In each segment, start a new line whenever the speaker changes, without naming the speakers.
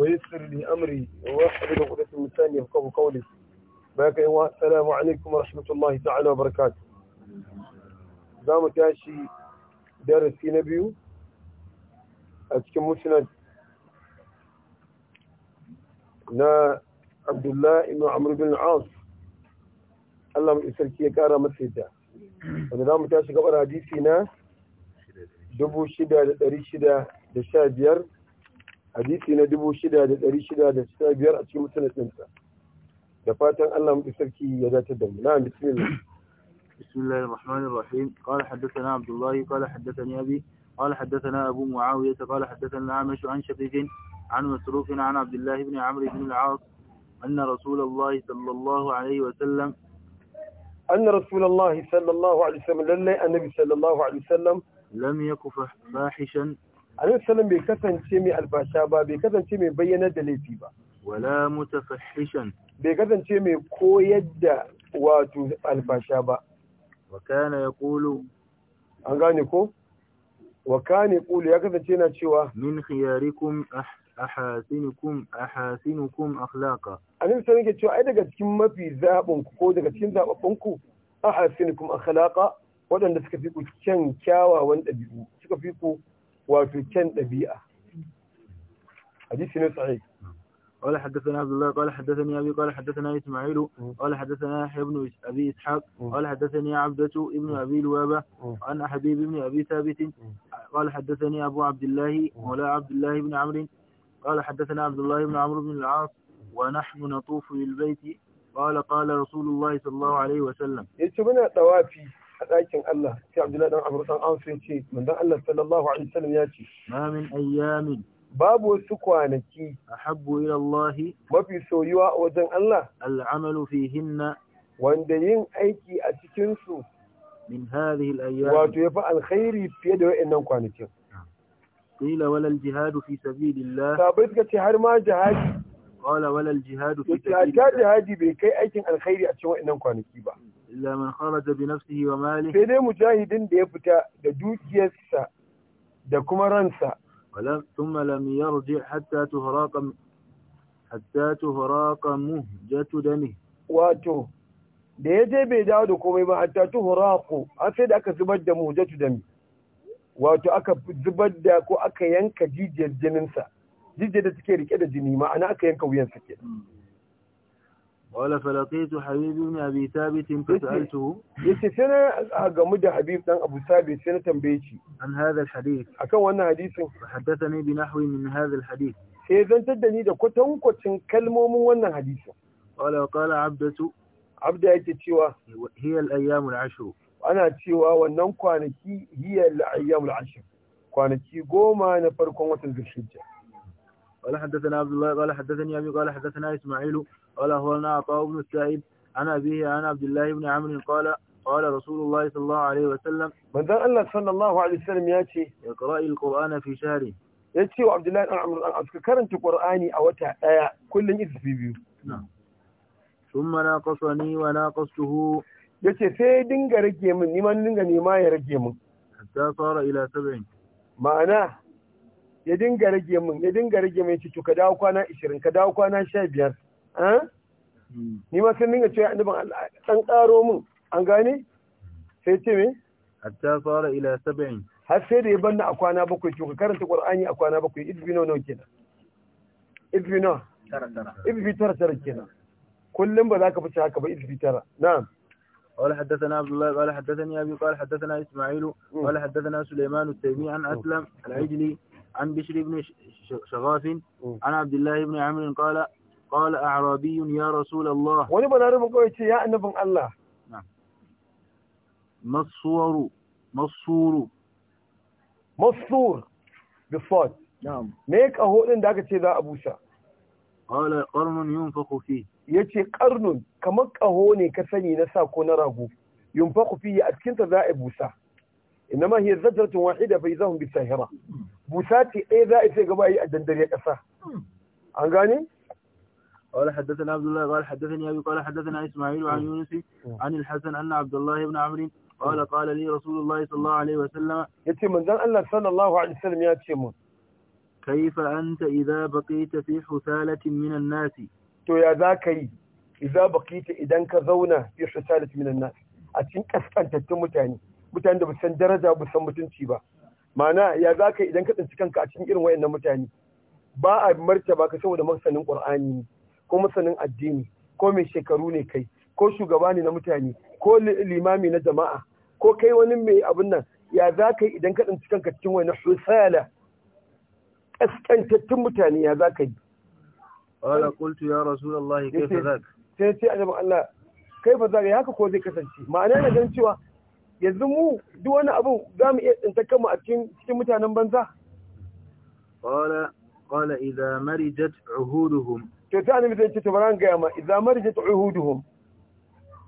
ويسر لي أمري ويحفظ عقدة لساني يفقه قولي بارك الله السلام عليكم ورحمة الله تعالى وبركاته زام تاشي درسي نبيو أتكم مسند نا عبد الله بن عمرو بن العاص Allah mai sarki ya kara masa yadda wanda za mu tashi gabar hadisi na 6615 hadisi na 6665 a cikin mutuncinsa da fatan Allah mu sarki ya zata da mu na'am bismillah بسم الله الرحمن الرحيم قال حدثنا عبد الله قال حدثني أبي قال حدثنا أبو معاوية قال حدثنا الأعمش عن شقيق عن مسروق عن عبد الله بن عمرو بن العاص أن رسول الله صلى الله عليه وسلم أن رسول الله صلى الله عليه وسلم للي النبي صلى الله عليه وسلم لم يكف فاحشا alaihi salam bai kasance mai albasha ba bai kasance mai bayyanar da laifi ba wala mutafahishan bai kasance mai koyar da wato albasha ba wa kana yaqulu an gane ko wa kana yaqulu ya kasance yana cewa min khiyarikum ah-, ahasinukum ahasinukum akhlaqa annabi sai yake cewa ai daga cikin mafi zabin ku ko daga cikin zababbun ku ahasinukum akhlaqa wadanda suka fi ku kyan kyawawan ɗabi'u suka fi ku wato دبيئه حديث hadisi ne قال حدثنا عبد الله قال حدثني أبي قال حدثنا إسماعيل قال حدثنا يحيى بن أبي إسحاق قال حدثني عبدة ابن أبي لوابة عن حبيب بن أبي ثابت قال حدثني أبو عبد الله مولى عبد الله بن عمرو قال حدثنا عبد الله بن عمرو بن العاص ونحن نطوف للبيت قال قال رسول الله صلى الله عليه وسلم يتمنى إيه طوافي a ɗakin Allah sai Abdullahi dan Abu Rutan an ce manzon Allah sallallahu alaihi wasallam ya ce ma min ayyamin babu wasu kwanaki ahabbu ila Allah mafi soyuwa a wajen Allah al'amalu fihinna wanda yin aiki a cikin su min hadhihi al-ayyam wato yafi alkhairi fiye da wayannan kwanakin qila wala al-jihad fi sabilillah sabai suka ce har ma jihadi qala wala al-jihad fi sabilillah jihadi bai kai aikin alkhairi a cikin wayannan kwanaki ba illa man kharaja bi nafsihi wa malihi sai dai mujahidin da ya fita da dukiyarsa da kuma ransa wala thumma lam yarji hatta tuhraqam hatta tuhraqamu jatu dami wato da ya je bai dawo da komai ba hatta tuhraqu an sai da aka zubar da mu jatu dami wato aka zubar da ko aka yanka jijiyar jinin sa, jijiyar da take rike da jini ma'ana aka yanka wuyansa kenan hmm. wala falaqitu habib ibn abi thabit fasaltuhu yace sai na gamu da habib dan abu thabit sai na tambaye shi an akan wannan hadisin haddasa bi nahwi min hadha sai zantar da ni da kwatankwacin kalmomin wannan hadisin wala qala abdatu abda yake cewa hiya al-ayyam al ana cewa wannan kwanaki hiya al-ayyam al-ashr kwanaki goma na farkon watan zulhijja قال حدثنا عبد الله قال حدثني أبي قال حدثنا إسماعيل قال أخبرنا عطاء بن السائب عن أبيه عن عبد الله بن عمرو قال قال رسول الله صلى الله عليه وسلم من ذا الله صلى الله عليه وسلم ياتي يقرأ القرآن في شهر ياتي وعبد الله بن عمرو karanta Qur'ani a wata daya kullun isfi biyu na'am thumma naqasani wa naqastuhu yace sai dinga rage min ni ma dinga nema ya rage min hatta sara ila 70 ma'ana ya dinga rage min ya dinga rage min to ka dawo kwana 20 ka dawo kwana 15 eh ni ma sun dinga cewa annabin Allah dan karo min an gane sai ce me hatta fara ila 70 har sai da ya banna a kwana bakwai to ka karanta qur'ani a kwana bakwai idfi nawa kenan idfi nawa idfi tara tara kenan kullum ba za ka fice haka ba idfi tara na'am قال حدثنا عبد الله قال حدثني ابي قال حدثنا اسماعيل قال حدثنا سليمان التيمي عن اسلم العجلي عن بشر بن شغاف عن عبد الله بن عمر قال قال أعرابي يا رسول الله ونبنى ربكويت يا نبن الله نعم ما الصور ما الصور ما الصور بالصوت نعم ميك أهولن داك تيدا أبوشا قال قرن ينفخ فيه يتي قرن كمك كسني كثني نساكو راهو ينفخ فيه أتكنت ذا أبوشا إنما هي زجرة واحدة فإذا هم بالساهرة بوساتي إيه ذا إيه قبا أي أدندرية أسا عن قال حدثنا عبد الله قال حدثني أبي قال حدثنا إسماعيل عن يونس عن الحسن أن عبد الله بن عمرو قال قال لي رسول الله صلى الله عليه وسلم يتي من ذا الله صلى الله عليه وسلم يأتي من كيف أنت إذا بقيت في حثالة من الناس تو يا ذاك إذا بقيت إذا كذونا في حثالة من الناس أتنكس أنت تموتاني mutane da ba san daraja ba san mutunci ba ma'ana ya za ka idan ka tsinci kanka a cikin irin wayannan mutane ba a martaba ka saboda masanin qur'ani ne ko masanin addini ko mai shekaru ne kai ko shugaba ne na mutane ko limami na jama'a ko kai wani mai abin nan ya za ka yi idan ka tsinci kanka cikin wani husala kaskantattun mutane ya za ka yi qala qultu ya rasulullahi kaifa zaka. sai ce annabi Allah kaifa zaka ya haka ko zai kasance ma'ana yana ganin cewa yanzu mu duk wani abu za mu iya tsinta kama a cikin mutanen banza qala qala idza mari uhuduhum to ta ne mutane ce tabaran ga ma mari marijat uhuduhum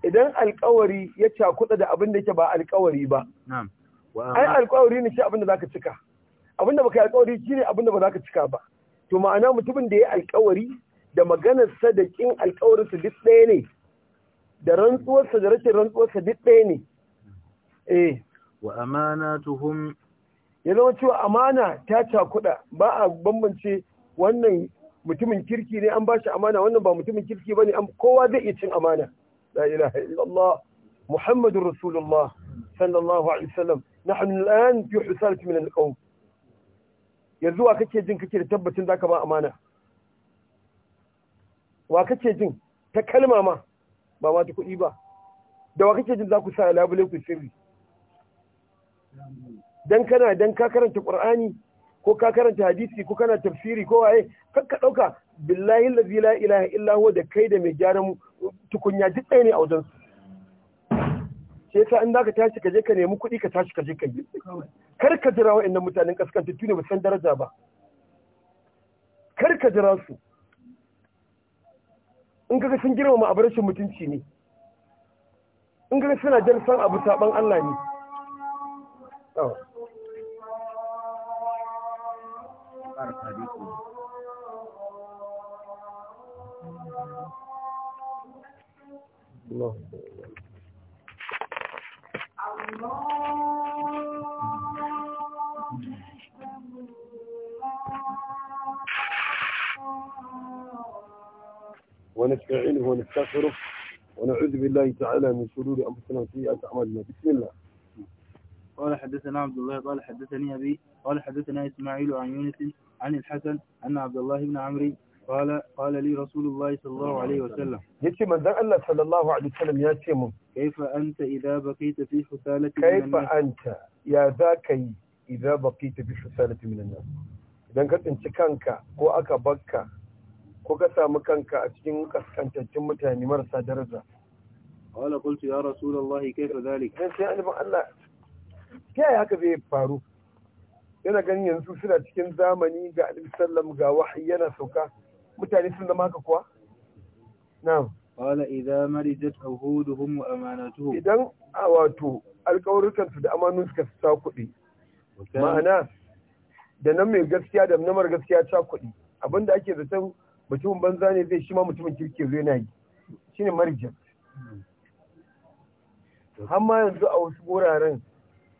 idan alƙawari ya cakuɗa da abin da yake ba alƙawari ba ai alƙawari ne shi abin da za ka cika abin da ka yi shi ne abin da ba za ka cika ba to ma'ana mutumin da ya alƙawari da maganarsa da kin alkawarinsa duk ɗaya ne da rantsuwarsa da rashin rantsuwarsa duk ɗaya ne eh wa amanatuhum ya zama cewa amana ta cakuda ba a bambance wannan mutumin kirki ne an bashi amana wannan ba mutumin kirki bane an kowa zai iya cin amana la ilaha illallah muhammadur rasulullah sallallahu alaihi wasallam nahnu al'an fi husalati min al-qawm yanzu wa kake jin kake da tabbacin ka ba amana wa kake jin ta kalmama? ba ma ta kuɗi ba da wa kake jin za ku sa labule ku sirri dan kana dan ka karanta qur'ani ko ka karanta hadisi ko kana tafsiri ko waye kar ka dauka billahi allazi la ilaha illa huwa da kai da mai jaran tukunya duk ɗaya ne a wajen su sai ka in zaka tashi ka je ka nemi kuɗi ka tashi ka je ka yi kar ka jira wa'annan mutanen kaskantattu ne ba san daraja ba kar ka jira su in ga sun girmama abu rashin mutunci ne in ga suna jan san abu saban Allah ne الله ونستعينه ونستغفره ونعوذ بالله تعالى من شرور انفسنا وسيئات اعمالنا بسم الله قال حدثنا عبد الله قال حدثني أبي قال حدثنا إسماعيل عن يونس عن الحسن أن عبد الله بن عمري قال قال لي رسول الله صلى الله عليه وسلم يتي من ذا الله صلى الله عليه وسلم يا تيمون كيف أنت إذا بقيت في حثالة كيف أنت يا ذاك إذا بقيت في حثالة من الناس dan ka tsinci kanka ko aka bakka ko ka samu kanka a cikin kaskantaccen mutane marasa daraja wala qultu ya rasulullahi kaifa dhalik dan sai annabi Allah ta yaya haka zai faru yana ganin yanzu suna cikin zamani ga alaihi sallam ga wahayi yana sauka mutane sun zama haka kuwa na'am qala idza da awhuduhum wa amanatuhum idan a wato alƙawarukan su da amanun suka sa kuɗi ma'ana da nan mai gaskiya da namar gaskiya ta kuɗi abinda ake zaton mutumin banza ne zai shi ma mutumin kirki zai na yi shine marijat hmm. har ma yanzu a wasu wuraren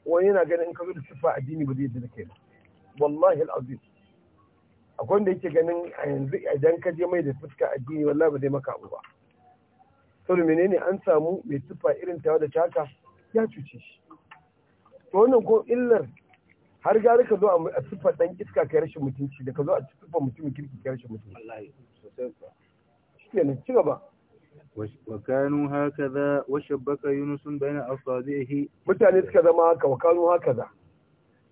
wani yana ganin in ka zo da siffa addini ba zai yadda da kai ba wallahi al'azim akwai wanda yake ganin a yanzu idan ka je mai da fuska addini wallahi ba zai maka abu ba saboda menene an samu mai siffa irin tawa da taka ya cuce shi to wannan ko illar har gari ka zo a siffa dan iska kai rashin mutunci da ka zo a siffa mutumin kirki kai rashin mutunci wallahi sosai shi ne ci gaba وكانوا هكذا وشبك يونس بين اصابعه mutane suka zama haka wa kanu hakaza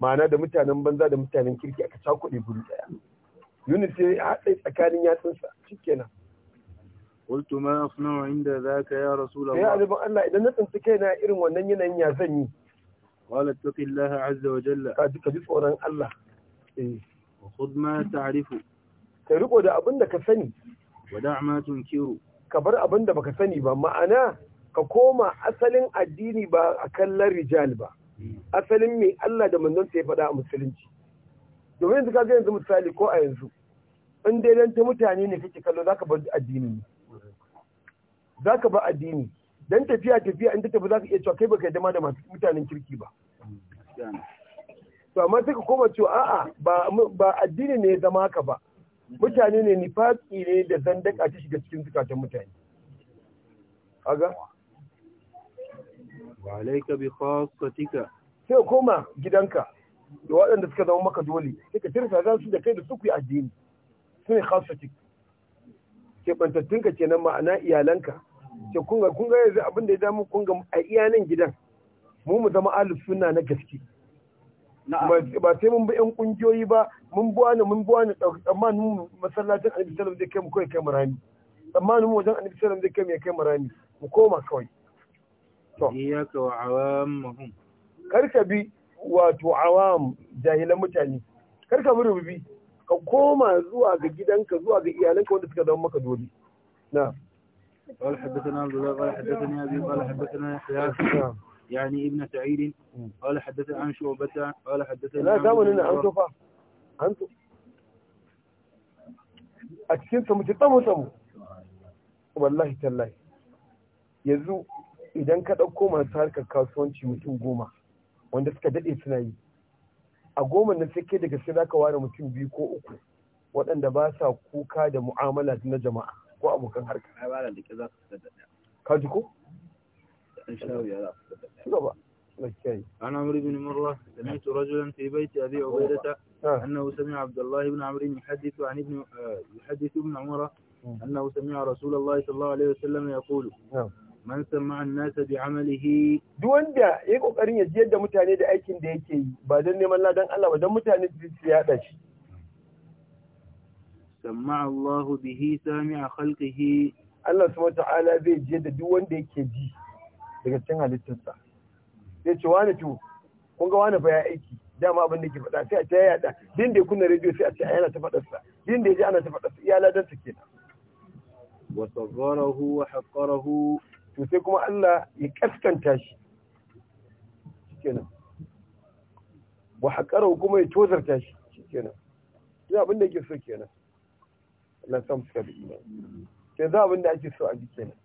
ma'ana da mutanen banza da mutanen kirki aka ta kudi guri daya yunus sai ya hade tsakanin yatsunsa shikenan قلت ما اصنع عند ذاك يا رسول الله يا ابن الله اذا نتن سكينا irin wannan yanayin ya sanyi قال اتق الله عز وجل كاجك دي صورن الله وخذ ما تعرف تريقو da abin da ka sani ودع ما تنكر ka bar abin da baka sani ba ma'ana ka koma asalin addini ba a kallon rijal ba asalin mai Allah da manzon sai faɗa a musulunci domin yanzu ka ga yanzu misali ko a yanzu in dai dan ta mutane ne kake kallo zaka bar addini zaka bar addini dan tafiya tafiya in ta tafi zaka iya cewa kai baka yadda da masu mutanen kirki ba to amma sai ka koma cewa a'a ba ba addini ne ya zama haka ba mutane ne nifaki ne da zandaka ta shiga cikin zukatan mutane Aga? Ba laika bi khassatika sai koma gidanka da waɗanda suka zama maka dole sai ka tirsa za su da kai da su ku yi addini su ne khassatik keɓantattunka kenan ma'ana iyalanka ce kunga kunga yanzu abin da ya damu kunga a iyalan gidan mu mu zama alif suna na gaske ba sai mun bi yan kungiyoyi ba mun bi wani mun bi wani tsammanin masallacin annabi sallam zai kai mu kai kai marami tsammanin mu wajen annabi sallam zai kai mu kai marami mu koma kawai to iyaka wa awam mahum karka bi wato awam jahilan mutane karka ka bi rububi ka koma zuwa ga gidanka zuwa ga iyalanka wanda suka zama maka dole na قال حدثنا عبد الله قال حدثني ابي قال حدثنا يحيى يعني ابن سعيد قال حدثنا عن شعبة قال حدثنا لا دعوا لنا أنتم أنتم أكسين سمو تتمو سمو wallahi tallahi yanzu idan ka ɗauko masu harkar kasuwanci mutum goma wanda suka daɗe suna yi a goma na sake daga sai zaka ka ware mutum biyu ko uku waɗanda ba sa kuka da mu'amala na jama'a ko abokan harka. Ka ko? عن عمرو بن مرة سمعت رجلا في بيت أبي عبيدة أنه سمع عبد الله بن عمرو يحدث عن ابن يحدث ابن عمر أنه سمع رسول الله صلى الله عليه وسلم يقول bi amalihi duk ya yi kokarin ya jiyar da mutane da aikin da yake yi ba don neman ladan Allah ba don mutane su yada shi sama Allah bihi sami'a khalqihi Allah subhanahu wa ta'ala da duk wanda yake ji daga cikin halittarsa sai ce wani to kun ga wani fa ya aiki dama abin da ke faɗa sai a ta yada din da kunna rediyo sai a ce yana ta faɗar sa din da ya ji ana ta faɗar sa iya dan ta kenan wa sagharahu wa haqqarahu to sai kuma Allah ya kaskanta shi kenan wa haqqarahu kuma ya tozarta shi kenan sai abin da yake so kenan Allah sam suka bi sai za abin da ake so a ji kenan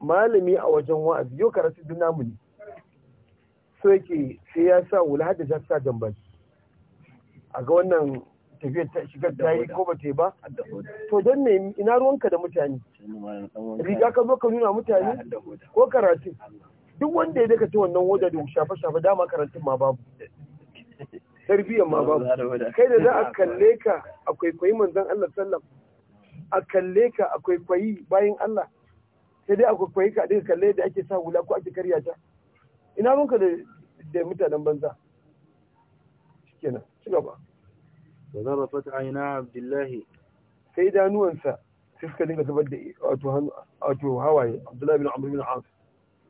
malami a wajen wa'azi yau karatu duk namu ne so yake sai ya sa wula hadda ta sa baki a ga wannan tafiyar ta shigar ta yi ko ba ta ba to don ne ina ruwanka da mutane riga ka zo ka nuna mutane ko karatu duk wanda ya daga ta wannan hoda da shafa shafa dama karatun ma babu tarbiyyar ma babu kai da za a kalle ka akwai kwaikwayi manzon Allah sallam a kalle ka akwai kwaikwayi bayan Allah sai aku koyi ka dinka kalle da ake sa hula ko ake karya ta ina mun ka da da mutanen banza kenan ci da wa fata aina abdullahi sai sa sai suka dinga zubar da wato wato hawaye abdullahi bin amr bin as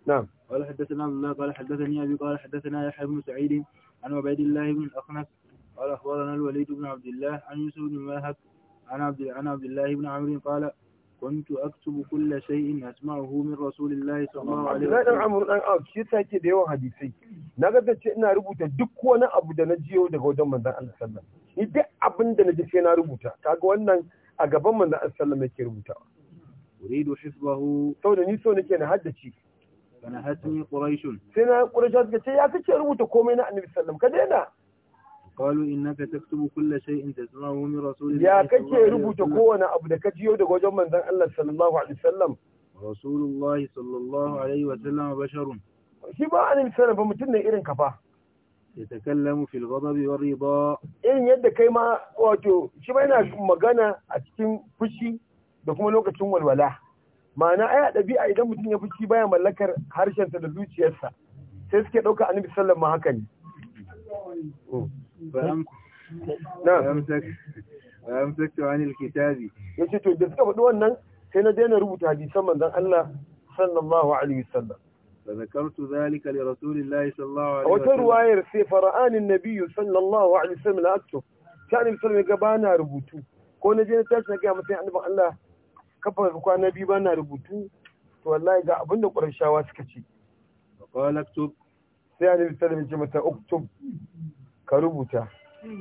na'am wala haddathana allah qala haddathani abi qala haddathana yahya bin sa'id an عن عبيد الله بن الاخنس قال اخبرنا الوليد بن عبد الله عن يوسف بن ماهك عن عبد عن عبد الله بن عمرو قال كنت أكتب كل شيء أسمعه من رسول الله صلى الله عليه وسلم أنا عمر ce ina rubuta duk wani abu da na jiyo daga wajen manzon Allah ni duk abin na ji sai na rubuta kaga wannan a gaban manzon Allah sallallahu yake rubutawa uridu hifzahu saboda ni so nake na haddace kana hatmi quraishun sai na quraisha suka ce ya kace rubuta komai na annabi sallallahu ka daina قالوا إنك تكتب كل شيء تسمعه من رسول الله يا كتي ربط كونا أبدا كتي يود وجم من ذن الله صلى الله عليه وسلم رسول الله صلى الله عليه وسلم بشر شي ما عن السنة فمتنا إيرن كفا يتكلم في الغضب والرضا إيرن يد كيما واتو شي ما ينا مغانا أتكين فشي da kuma lokacin walwala ma'ana ai ɗabi'a idan mutum ya fushi baya mallakar harshensa da zuciyarsa sai suke ɗauka annabi sallallahu alaihi
wasallam
ma haka ne Amsaktu an alkitabi. Yace to da suka faɗi wannan sai na daina rubuta hadisan manzon Allah sallallahu alaihi wasallam. Fa zakartu dhalika li rasulillahi sallallahu alaihi wasallam. Wata ruwayar sai fara'an annabi sallallahu alaihi wasallam la aktu. Kan ibn Sulaiman ga bana rubutu. Ko na je na tashi na ga mutai annabi Allah kafa ga kwa nabi bana rubutu. To wallahi ga abinda qurayshawa suka ci. Fa qala aktub. Sai an ya ce mata ka rubuta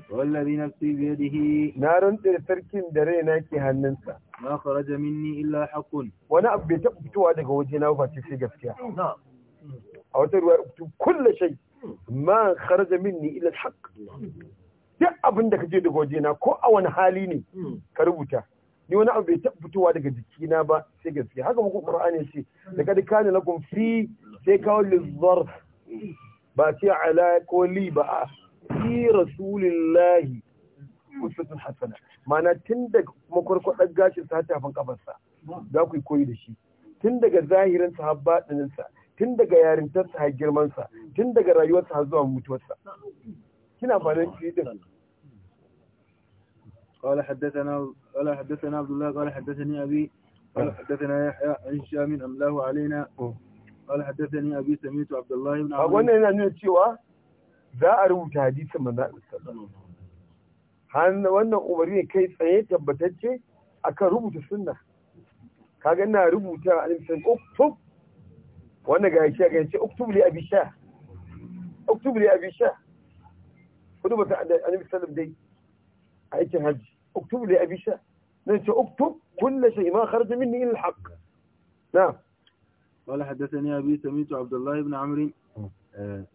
wallazi nafsi biyadihi na rantsa da sarkin da raina ke hannunsa ma kharaja minni illa haqqun wani abu bai taɓa fitowa daga waje na face sai gaskiya a wata ruwa uktu kulle shai ma kharaja minni illa alhaq duk abin da kaje daga waje na ko a wani hali ne ka rubuta ni wani abu bai taɓa fitowa daga jikina ba sai gaskiya haka muku qur'ani ce da kad kana lakum fi sai kawo lizarf ba sai ala ko li ba a. fi rasulillahi usatun hasana mana tun daga makwarkwadar gashin sa tafin kafarsa za ku yi koyi da shi tun daga zahirin sa har tun daga yarintarsa har girmansa tun daga rayuwarsa har zuwa mutuwarsa kina fadin shi din قال حدثنا قال حدثنا عبد الله قال حدثني ابي قال حدثنا يحيى عن هشام املاه علينا قال حدثني ابي سميت عبد الله بن عمرو wannan yana nuna cewa za a rubuta hadisin manzo Allah sallallahu alaihi wannan umari ne kai tsaye tabbatacce akan rubuta sunna kaga ina rubuta alimsan uktub wannan ga shi ga shi uktub li abi sha uktub li abi sha kudu ba ta annabi sallallahu dai aikin haji uktub li abi sha nan ce uktub kull shay ma kharaja minni illa al-haqq na wala hadathani abi samitu abdullah ibn amrin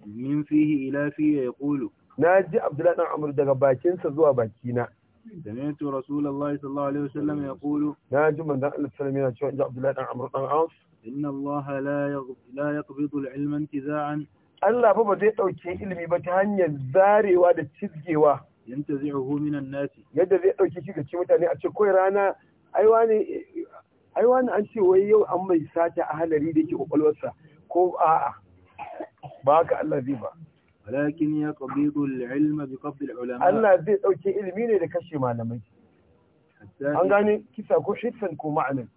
min fihi ila fihi yaqulu na ji abdullahi dan amr daga bakinsa zuwa bakina سمعت رسول الله صلى الله عليه وسلم يقول لا جمل لا السلام شو عبد الله بن عمرو بن عاص ان الله la يغب لا يقبض العلم انتزاعا الله ba zai dauke ilimi ba ta hanyar zarewa da cizgewa yantazi'uhu min an-nas yadda zai dauke shi ga ci mutane a cikin rana ai an ce wai yau an mai sata a halari da yake kwakwalwarsa ko a'a ba ka Allah zai ba walakin ya qabidu al bi qabd al Allah zai dauke ilimi ne da kashe malamai an gane kisa ko shitfan ko ma'anan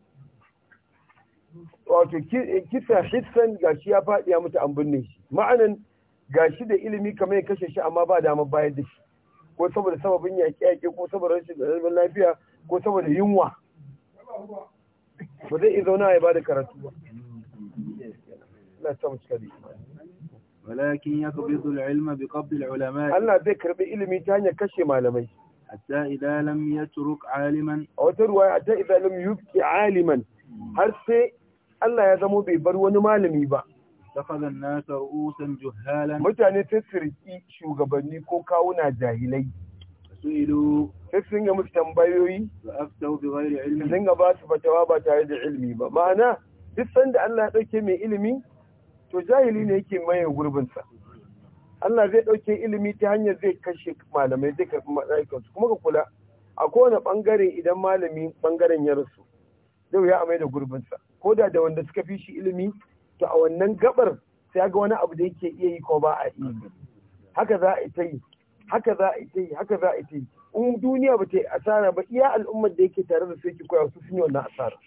wato kisa shitfan gashi ya faɗi ya mutu an binne shi ma'anan gashi da ilimi kamar ya kashe shi amma ba dama bayar da shi ko saboda sababin yaƙe-yaƙe ko saboda rashin lafiya ko saboda yunwa ba zai iya zauna ya ba da karatu ba. Allah ya samu cika da imani. walakin yaqbidu al-ilma bi qabdi al-ulama Allah zai karɓi ilimi ta hanyar kashe malamai hatta idza lam yatruk aliman a wata ruwaya hatta idza lam yubqi aliman har sai Allah ya zamo bai bar wani malami ba takhadha an-nas ru'usan juhalan mutane sai sirki shugabanni ko kawuna jahilai su'ilu sai sun musu tambayoyi ba aftau bi ghairi ilmi sun ga ba su fatawa ba tare da ilmi ba ma'ana duk sanda Allah ya dauke mai ilimi to jahili ne yake maye gurbinsa Allah zai ɗauke ilimi ta hanyar zai kashe malamai zai karɓi su kuma ka kula a kowane ɓangare idan malami ɓangaren ya rasu zai ya amai mai da gurbinsa ko da da wanda suka fi shi ilimi to a wannan gabar sai ga wani abu da yake iya yi ko ba a iya yi haka za a ita yi haka za a ita yi haka za a ita yi in duniya ba ta yi asara ba iya al'ummar da yake tare da su yake koya su sun yi wannan asara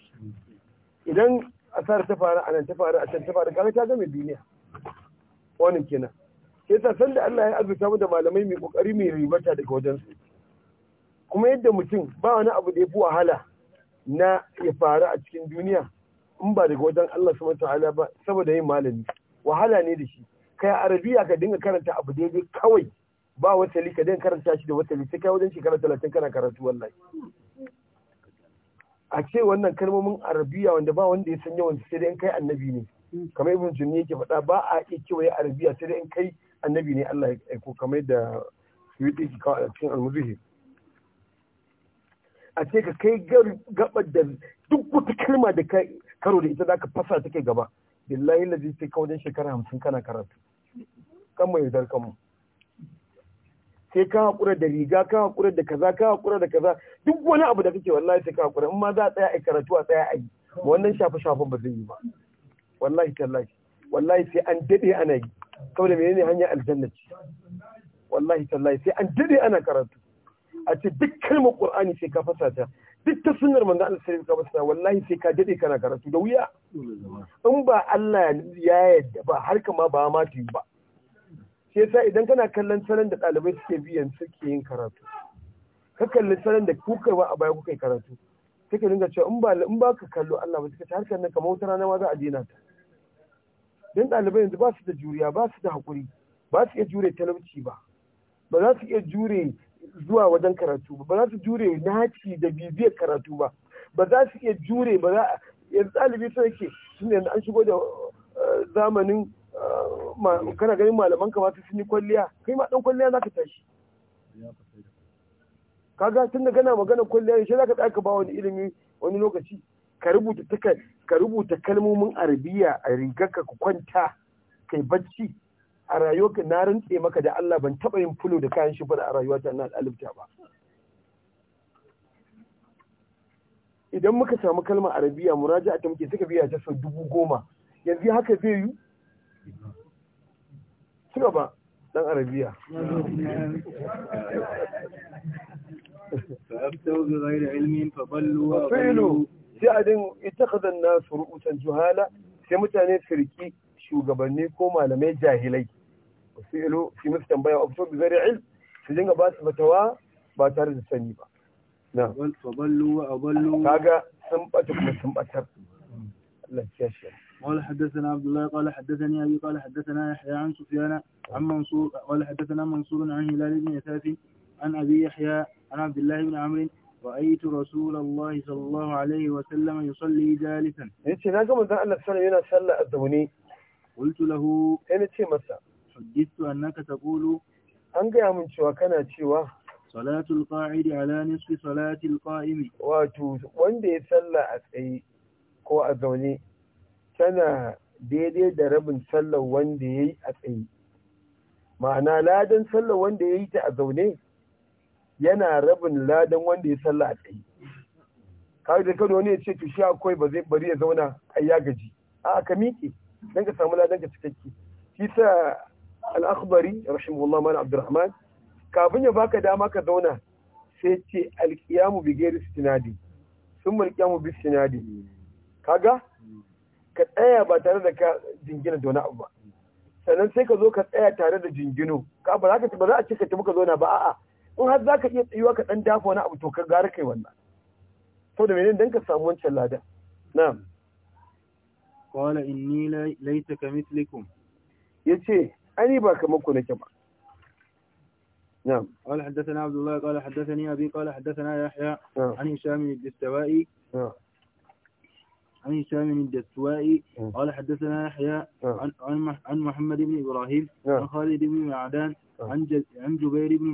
idan asar ta faru a nan ta faru a can ta faru kaga ta zama duniya wannan kenan sai ta san da Allah ya azurta mu da malamai mai kokari mai ribata daga wajen su kuma yadda mutum ba wani abu da ya fi wahala na ya faru a cikin duniya in ba daga wajen Allah subhanahu ta'ala ba saboda yin malami wahala ne da shi kai arabiya ka dinga karanta abu da kawai ba wata ka dinga karanta shi da wasali sai kai wajen shekara talatin kana karatu wallahi a ce wannan kalmomin arabiya wanda ba wanda ya san yawan sai dai in kai annabi ne hmm. kamar ibn junni yake faɗa ba a iya kewaye arabiya sai dai in kai annabi ne Allah ya aiko kamar da suyuti ke kawo a cikin almuzuhi a ce ka kai gabar da duk wata kalma da ka karo da ita zaka fasa take gaba billahi lazi sai ka wajen shekara hamsin kana karatu kan mai zarkan mu sai ka hakura da riga ka hakura da kaza ka hakura da kaza duk wani abu da kake wallahi sai ka hakura in ma za a tsaya a karatu a tsaya a yi wannan shafe shafen ba zai yi ba wallahi tallahi wallahi sai an daɗe ana yi saboda menene hanyar aljanna ce wallahi tallahi sai an daɗe ana karatu a ce duk kalmar qur'ani sai ka fasa ta duk ta sunnar manzo Allah sai ka fasa wallahi sai ka daɗe kana karatu da wuya in ba Allah ya yarda ba har kama ba ma ta yi ba shi yasa idan kana kallon salon da ɗalibai suke biyan suke yin karatu ka kalli salon da kuka wa a baya kuka yi karatu sai dinga cewa in ba in ba ka kallo Allah ba suka ci harkar nan kamar wata rana ma za a daina ta dan ɗalibai yanzu ba su da juriya ba su da haƙuri ba su iya jure talauci ba ba za su iya jure zuwa wajen karatu ba ba za su jure naci da bibiyar karatu ba ba za su iya jure ba za yanzu ɗalibai sun yake tun yanzu an shigo da eh, zamanin kana ganin malaman ka kamata sun yi kwalliya kai ma dan kwalliya zaka tashi kaga tun da kana magana kwalliya shi zaka tsaya ka ba wani ilimi wani lokaci ka rubuta ka rubuta kalmomin arabiya a rigarka ku kwanta kai bacci a rayuwarka na rantse maka da Allah ban taba yin fulo da kayan shi a rayuwata na alifta ba idan muka samu kalmar arabiya muraja'a ta muke suka biya ta sau dubu goma yanzu haka zai yi ci ba dan arabiya فأبتغوا غير علم ita وفعلوا سعدوا اتخذ الناس رؤوسا sai mutane firki shugabanni ko malamai jahilai su ilo fi mafi tambaya abu fito zari il su dinga ba su fatawa ba tare da sani ba na kaga sun ɓata kuma sun batar Allah ya shi قال حدثنا عبد الله قال حدثني أبي قال حدثنا يحيى عن سفيان عن منصور قال حدثنا منصور عن هلال بن يثاث عن أبي يحيى عن عبد الله بن عمرو رأيت رسول الله صلى الله عليه وسلم يصلي جالسا يتي ناقم أن الله صلى الله عليه وسلم قلت له أين تي مسا حدثت أنك تقول أنك يا من شوى كان شوى صلاة القاعد على نصف صلاة القائم واتو وين دي صلى أسعي كو أزوني tana daidai da rabin sallar wanda ya yi a tsaye ma'ana ladan sallar wanda ya yi ta a zaune yana rabin ladan wanda ya sallar a tsaye kawai da kano wani ya ce tushe akwai ba zai bari ya zauna a ya gaji a ka miƙe don ka samu ladan ka cikakke shi sa al'akubari rashin rahimahullah mana abdurrahman kafin ya baka dama ka zauna sai ce alƙiyamu bigeri sinadi sun mulkiyamu bis sinadi kaga ka tsaya ba tare da ka jingina da wani abu ba sannan sai ka zo ka tsaya tare da jingino ka ba za ka ba za a ce ka tafi ka zo na ba a'a in har za ka iya tsayuwa ka dan dafa wani abu to ka gara kai wannan saboda menene dan ka samu wancan lada na'am qala inni laysa Ya yace ani ba kamar ku nake ba نعم قال حدثنا عبد الله قال حدثني أبي قال حدثنا يحيى عن هشام الدستوائي عن هشام الدسوائي قال حدثنا يحيى عن عن محمد بن إبراهيم عن خالد بن معدان عن عن جبير بن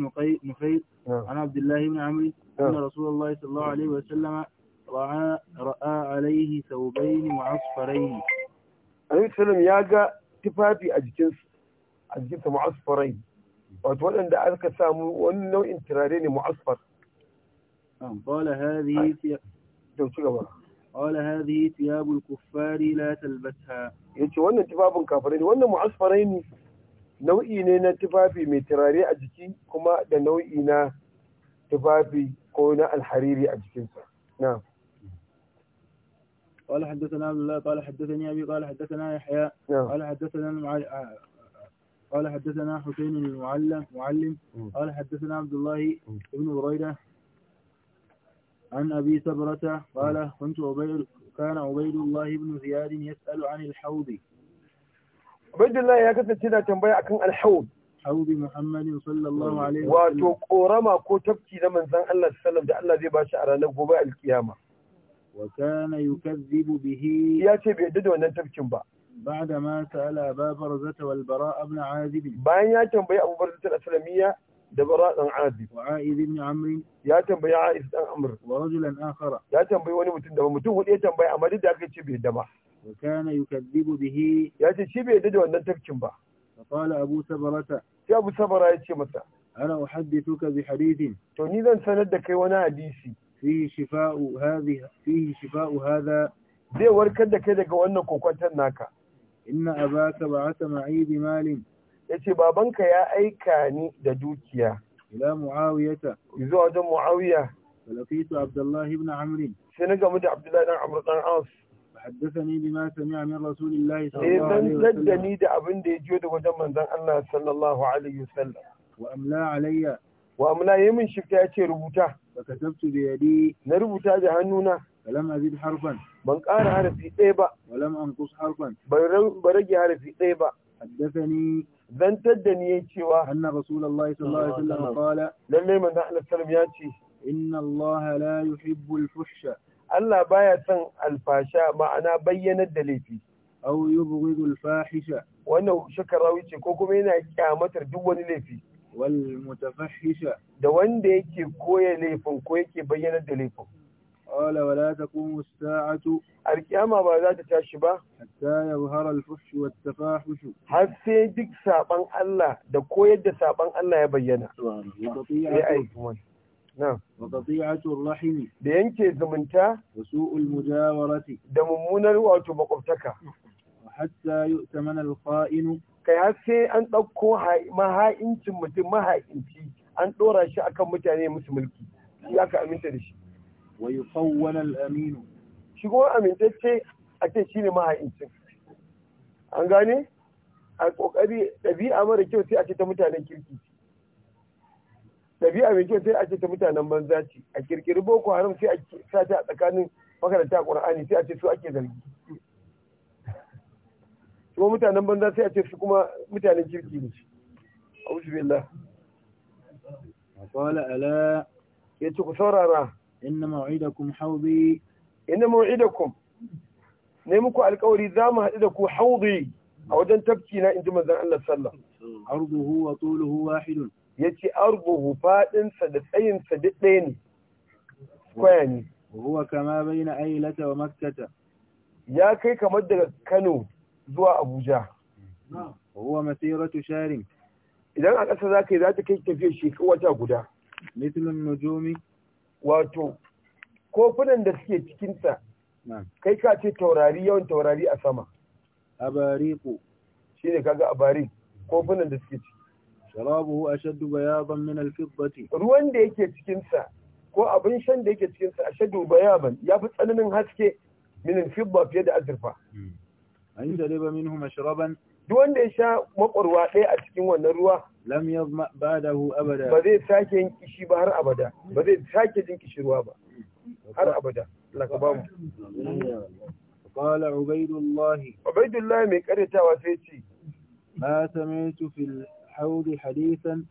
مخير عن عبد الله بن عمرو أن رسول الله صلى الله عليه وسلم رأى رأى عليه ثوبين معصفرين عليه السلام ya ga tufafi a jikinsu معصفرين. وتقول mu'asfarai wato وانه aka معصفر. wani nau'in turare قال هذه ثياب الكفار لا تلبسها yace wannan tufafin kafirai ne wannan mu'asfarai ne nau'i ne na tufafi mai turare a jiki kuma da nau'i na ko na alhariri a na'am قال حدثنا عبد الله قال حدثني ابي قال حدثنا يحيى نعم. قال حدثنا آه، قال حدثنا حسين المعلم معلم قال حدثنا عبد الله بن بريده عن أبي سبرة قال كنت عبيد كان عبيد الله بن زياد يسأل عن الحوض عبيد الله يا كنت تنا تنبيه عن الحوض حوض محمد صلى الله عليه وسلم وتقورما كو تبكي لمن زن الله سلم ده الله زي باشا على نقوبة القيامة وكان يكذب به يا تبي يدد وانا تبكين با بعد ما سأل أبا برزة والبراء بن عازب باين يا تنبيه أبو برزة الأسلمية da bara dan adi wa aiz ibn amr ya tambayi aiz dan amr wa rajulan akhar ya tambayi wani mutum da mutum hudu ya tambayi amma duk da aka ce bai dama wa yukadibu bihi ya ce shi bai da wannan tafkin ba fa qala abu sabarata sai abu sabara ya ce masa ana uhaddithuka bi hadithin to ni zan sanar da kai wani hadisi fihi shifa'u hadhihi zai warkar da kai daga wannan kokwantar naka inna abaka ba'ata ma'i bi yace babanka ya aika ni da dukiya ila muawiyata zuwa wajen muawiya falaqitu abdullahi ibn amr sai na gamu da abdullahi ibn amr dan aus haddathani bima sami'a min rasulillahi sallallahu alaihi wasallam sai dan ni da abin da yajo da wajen manzon Allah sallallahu alaihi wasallam wa amla alayya wa amla yamin shifta yace rubuta fakatabtu bi yadi na rubuta da hannuna falam azid harfan ban kara harfi ɗaya ba Kalam an anqus harfan bar rage harfi ɗaya ba haddathani zantar da ni yayi cewa anna rasulullahi sallallahu alaihi wasallam qala lalle manzo Allah sallam ya ce inna Allah la yuhibbu al-fuhsha Allah baya son alfasha ma'ana bayyanar da laifi aw yubghidu al-fahisha wannan shakarawi ce ko kuma yana kyamatar duk wani laifi wal mutafahisha da wanda yake koya laifin ko yake bayyanar da laifin قال ولا تقوم الساعة القيامة بذات تاشبا حتى يظهر الفحش والتفاحش حتى ديك سابان الله ده كو يد سابان الله يبينا وقطيعة نعم وقطيعة الرحم ده ينكي زمنتا وسوء المجاورة ده ممونا واتو مقبتك وحتى يؤتمن الخائن kai har sai an ɗauko maha'incin mutum maha'inci an ɗora shi akan mutane musu mulki shi aka aminta da shi wa yufawwal al Aminu? shigo amintacce a ce ne mahaincin an gane a kokari ɗabi'a mara kyau sai a ce ta mutanen kirki Ɗabi'a mai kyau sai a ce ta mutanen banza ce a kirkiri boko haram sai a sa ta a tsakanin makaranta qur'ani sai a ce su ake zargi kuma mutanen banza sai a ce su kuma mutanen kirki ne auzu billah qala ala ku saurara إن موعدكم حوضي إن موعدكم نيمكو إذا ما هددكو حوضي أو دن تبكينا إنت مزان الله صلى عرضه وطوله واحد يتي أرضه فاتن سدتين سدتين كواني وهو كما بين أيلة ومكة يا كيك كمدد كانوا أبو جاه نعم. وهو مسيرة شارم إذا أنا أسا ذاك إذا تكي تفيشي كواتا أبو قدا مثل النجوم wato kofunan da suke cikinta kai ka ce taurari yawan taurari a sama abariku shi ne kaga abari kofunan da suke ciki sharabuhu ashaddu bayaban min alfiddati ruwan da yake cikin sa ko abin shan da yake cikin sa ashaddu bayaban yafi tsananin haske min alfidda fiye da azurfa hmm. an shariba minhu mashraban duk wanda ya sha makwarwa ɗaya a cikin wannan ruwa lam yazma ba'dahu abada ba zai sake yin kishi ba har abada ba zai sake jin ruwa ba har abada Allah ka ba mu qala ubaidullah ubaidullah mai karatawa sai ce ma sami'tu fil haud hadithan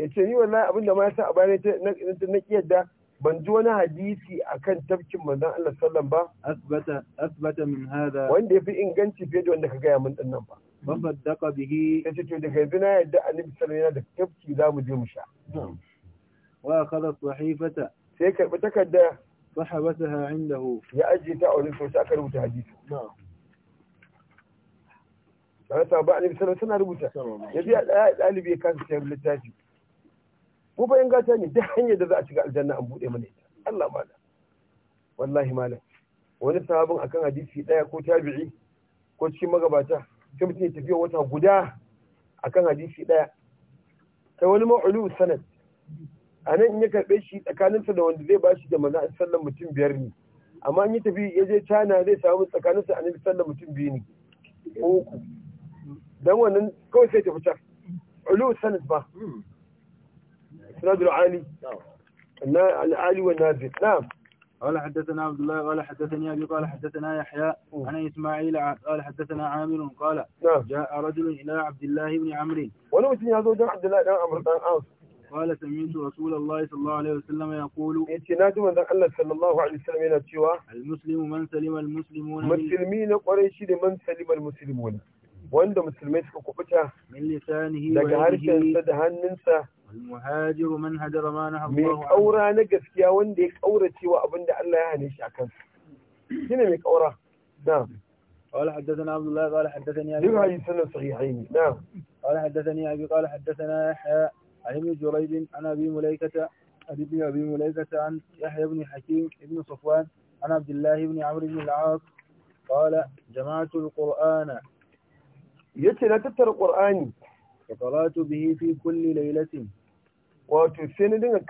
yace ni wallahi abinda ma yasa a bayan na kiyarda ban ji wani hadisi akan tafkin manzon Allah sallallahu alaihi wasallam ba asbata asbata min hada wanda fi inganci fiye da wanda ka gaya mun dinnan ba ba saddaka bihi ya ce daga yanzu na yadda annabi sallallahu alaihi da tafki zamu je mu sha wa kada sahifata sai karbi takarda inda hu. ya ajiye ta a wani sai aka rubuta hadisi Sana sai ta ba nufi sallallahu suna rubuta ya a dalibi ya kasa sayar littafi ko fa in gata ne duk hanyar da za a shiga aljanna an buɗe mana ita Allah mala wallahi mala wani sahabin akan hadisi ɗaya ko tabi'i ko cikin magabata sai mutum ya tafiya wata guda akan hadisi ɗaya ta wani ma'ulu sanad a nan in ya karɓe shi tsakaninsa da wanda zai ba shi da manzan sallan mutum biyar ne amma in ya tafi ya je cana zai samu tsakaninsa a nabi sallan mutum biyu ne ko uku dan wannan kawai sai tafi can ulu sanad ba hmm. sanadul ali na al ali wa nazir na'am قال حدثنا عبد الله قال حدثني أبي قال حدثنا يحيى عن إسماعيل قال حدثنا عامر قال جاء رجل إلى عبد الله بن عمرو ولو سن هذا عبد الله بن عمرو بن عاص قال سمعت رسول الله صلى الله عليه وسلم يقول اتناد من الله صلى الله عليه وسلم الى تشوا المسلم من سلم المسلمون مسلمين قريش لمن سلم المسلمون وعند مسلمين suka kubuta min lisanihi daga harshen sa da hannunsa والمهاجر من هجر ما نهى الله عنه kaura اورا gaskiya wanda ya kaura cewa الله يعني ya hane shi akan shine قال حدثنا عبد الله قال حدثني ابي قال سنه صحيحين نعم قال حدثني ابي قال حدثنا يحيى عن ابن جريج عن ابي مليكه عن ابن ابي مليكه عن يحيى بن حكيم بن صفوان عن عبد الله بن عمرو بن العاص قال جمعت القران يتلى لا تتر القران فقرات به في كل ليله wato sai na dinga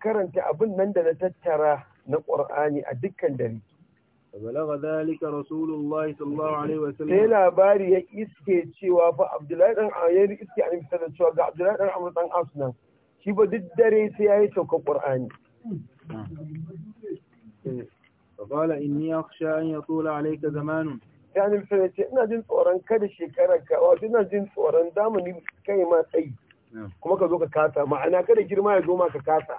karanta abin nan da na tattara na ƙur'ani a dukkan dare balaga dalika rasulullahi sallallahu alaihi wa sallam sai labari ya iske cewa fa abdullahi dan ayyar iske an fitar da cewa ga abdullahi dan amr dan asnan shi ba duk dare sai yayi sauka qur'ani fa qala inni akhsha an yatula alayka zamanun sai an fitar da ina jin tsoron kada shekarar ka wato ina jin tsoron zamani kai ma tsayi kuma ka zo ka kasa ma'ana kada girma ya zo ma ka kasa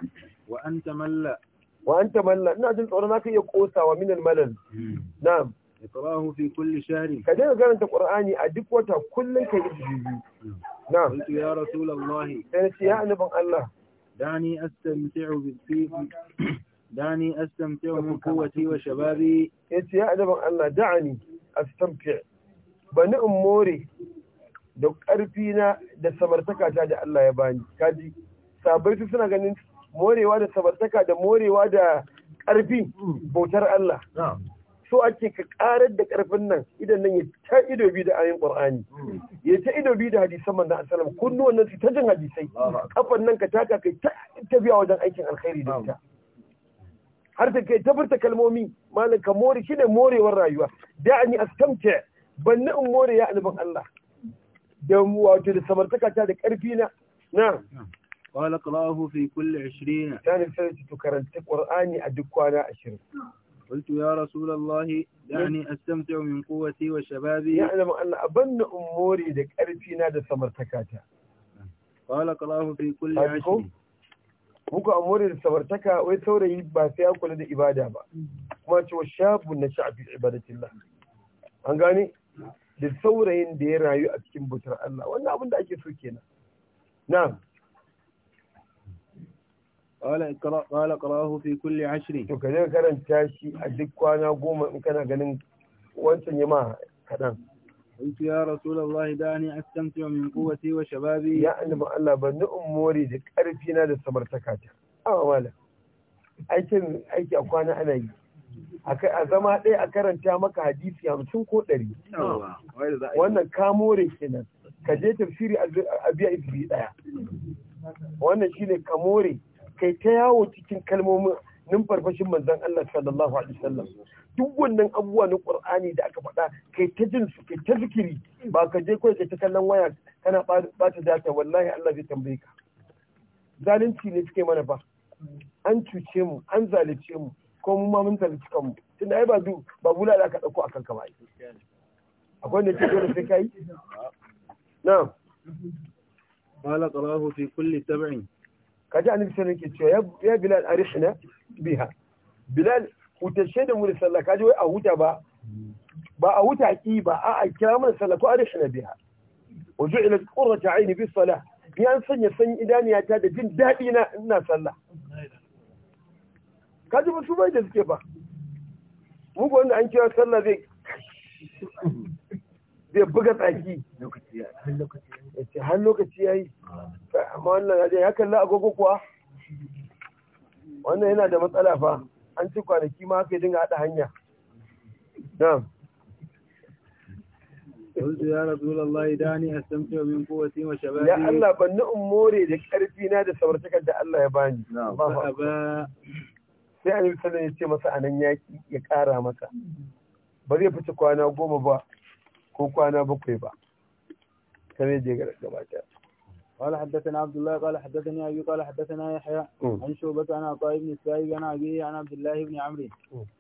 wa an tamalla wa an tamalla ina jin tsoron zaka iya kosawa min almalal hmm. na'am ikrahu fi kulli shahr ka dinga karanta qur'ani a duk wata kullun ka yi jiji hmm. na'am ya rasulullahi sai ya annabin Allah dani astamti'u bi دعني أستمتع من قوتي وشبابي يا أدب الله دعني أستمتع بني أموري da ƙarfi na da samartaka ta da Allah ya bani kaji sabai su suna ganin morewa da samartaka da morewa da ƙarfi bautar Allah so ake ka karar da ƙarfin nan idan nan ya ta ido bi da ayin qur'ani mm. ya ta ido bi da hadisan manzo alaihi kunnuwan nan ta jin hadisai kafan nan ka taka kai ta biya wajen aikin alkhairi da ita har ta kai ta furta kalmomi malam ka more shine morewar rayuwa da ani astamta banni in more ya alban Allah da wato da samartaka ta da ƙarfi na na wala qalahu fi kulli 20 sai sai to karanta a duk kwana 20 قلت يا رسول الله دعني استمتع من قوتي وشبابي يعلم ان ابن اموري da ƙarfina da samartakata قال قلاه في كل عشر muku da samartaka wai saurayi ba sai ya kula da ibada ba kuma cewa shabu na sha'afi ibadatillah an gane da saurayin da ya rayu a cikin butar Allah wannan abin da ake so kenan Na. wala ikra qala qarahu fi kulli ashri to kaje karanta shi a duk kwana goma in kana ganin wancan ya yama kadan قلت يا رسول الله دعني استمتع من قوتي وشبابي يا ان الله بن اموري da karfina da samartaka samartakata a wala aikin aiki a kwana ana yi a zama ɗaya a karanta maka hadisi hamsin ko ɗari wannan ka more kenan ka je tafsiri a biya izbi ɗaya wannan shine ka more kai ta yawo cikin kalmomin numfarfashin manzan Allah sallallahu alaihi wasallam duk wannan abubuwa na ƙur'ani da aka faɗa kai ta jin su kai ta zikiri ba ka je kawai kai ta kallon waya kana bata data wallahi Allah zai tambaye ka zalunci ne suke mana ba an cuce mu an zalunce mu ko mu ma mun zalunci kanmu tunda ai ba du ba bula da ka dauko akan ka ba akwai ne ke dole sai kai na'am qala qalahu fi kulli tab'in kaji annabi sallallahu alaihi wasallam ke cewa ya bilal arihna biha bilal hutashe da mu da sallah kaji wai a huta ba ba a huta ki ba a a kira mana sallah ko arihna biha wa ju'ilat qurratu ayni bi salah ni an sanya san idaniya ta da jin dadi na ina sallah Kaji ba su bai da suke ba muku wanda an kira sallah zai zai buga tsaki har lokaci ya yi amma wannan ajiyar ya kalla agogo kuwa wannan yana da matsala fa an ci kwanaki ma haka dinga haɗa hanya Ya قلت يا رسول الله استمتع من قوتي وشبابي يا الله اموري da karfi na da samartakar da Allah ya bani sai annabi sallallahu ya ce masa anan yaki ya ƙara masa ba zai fice kwana goma ba ko kwana bakwai ba sai je gabata قال حدثنا عبد الله قال حدثني أبي قال حدثنا يحيى عن شعبة عن عطاء بن السائب عن أبيه عن عبد الله بن عمرو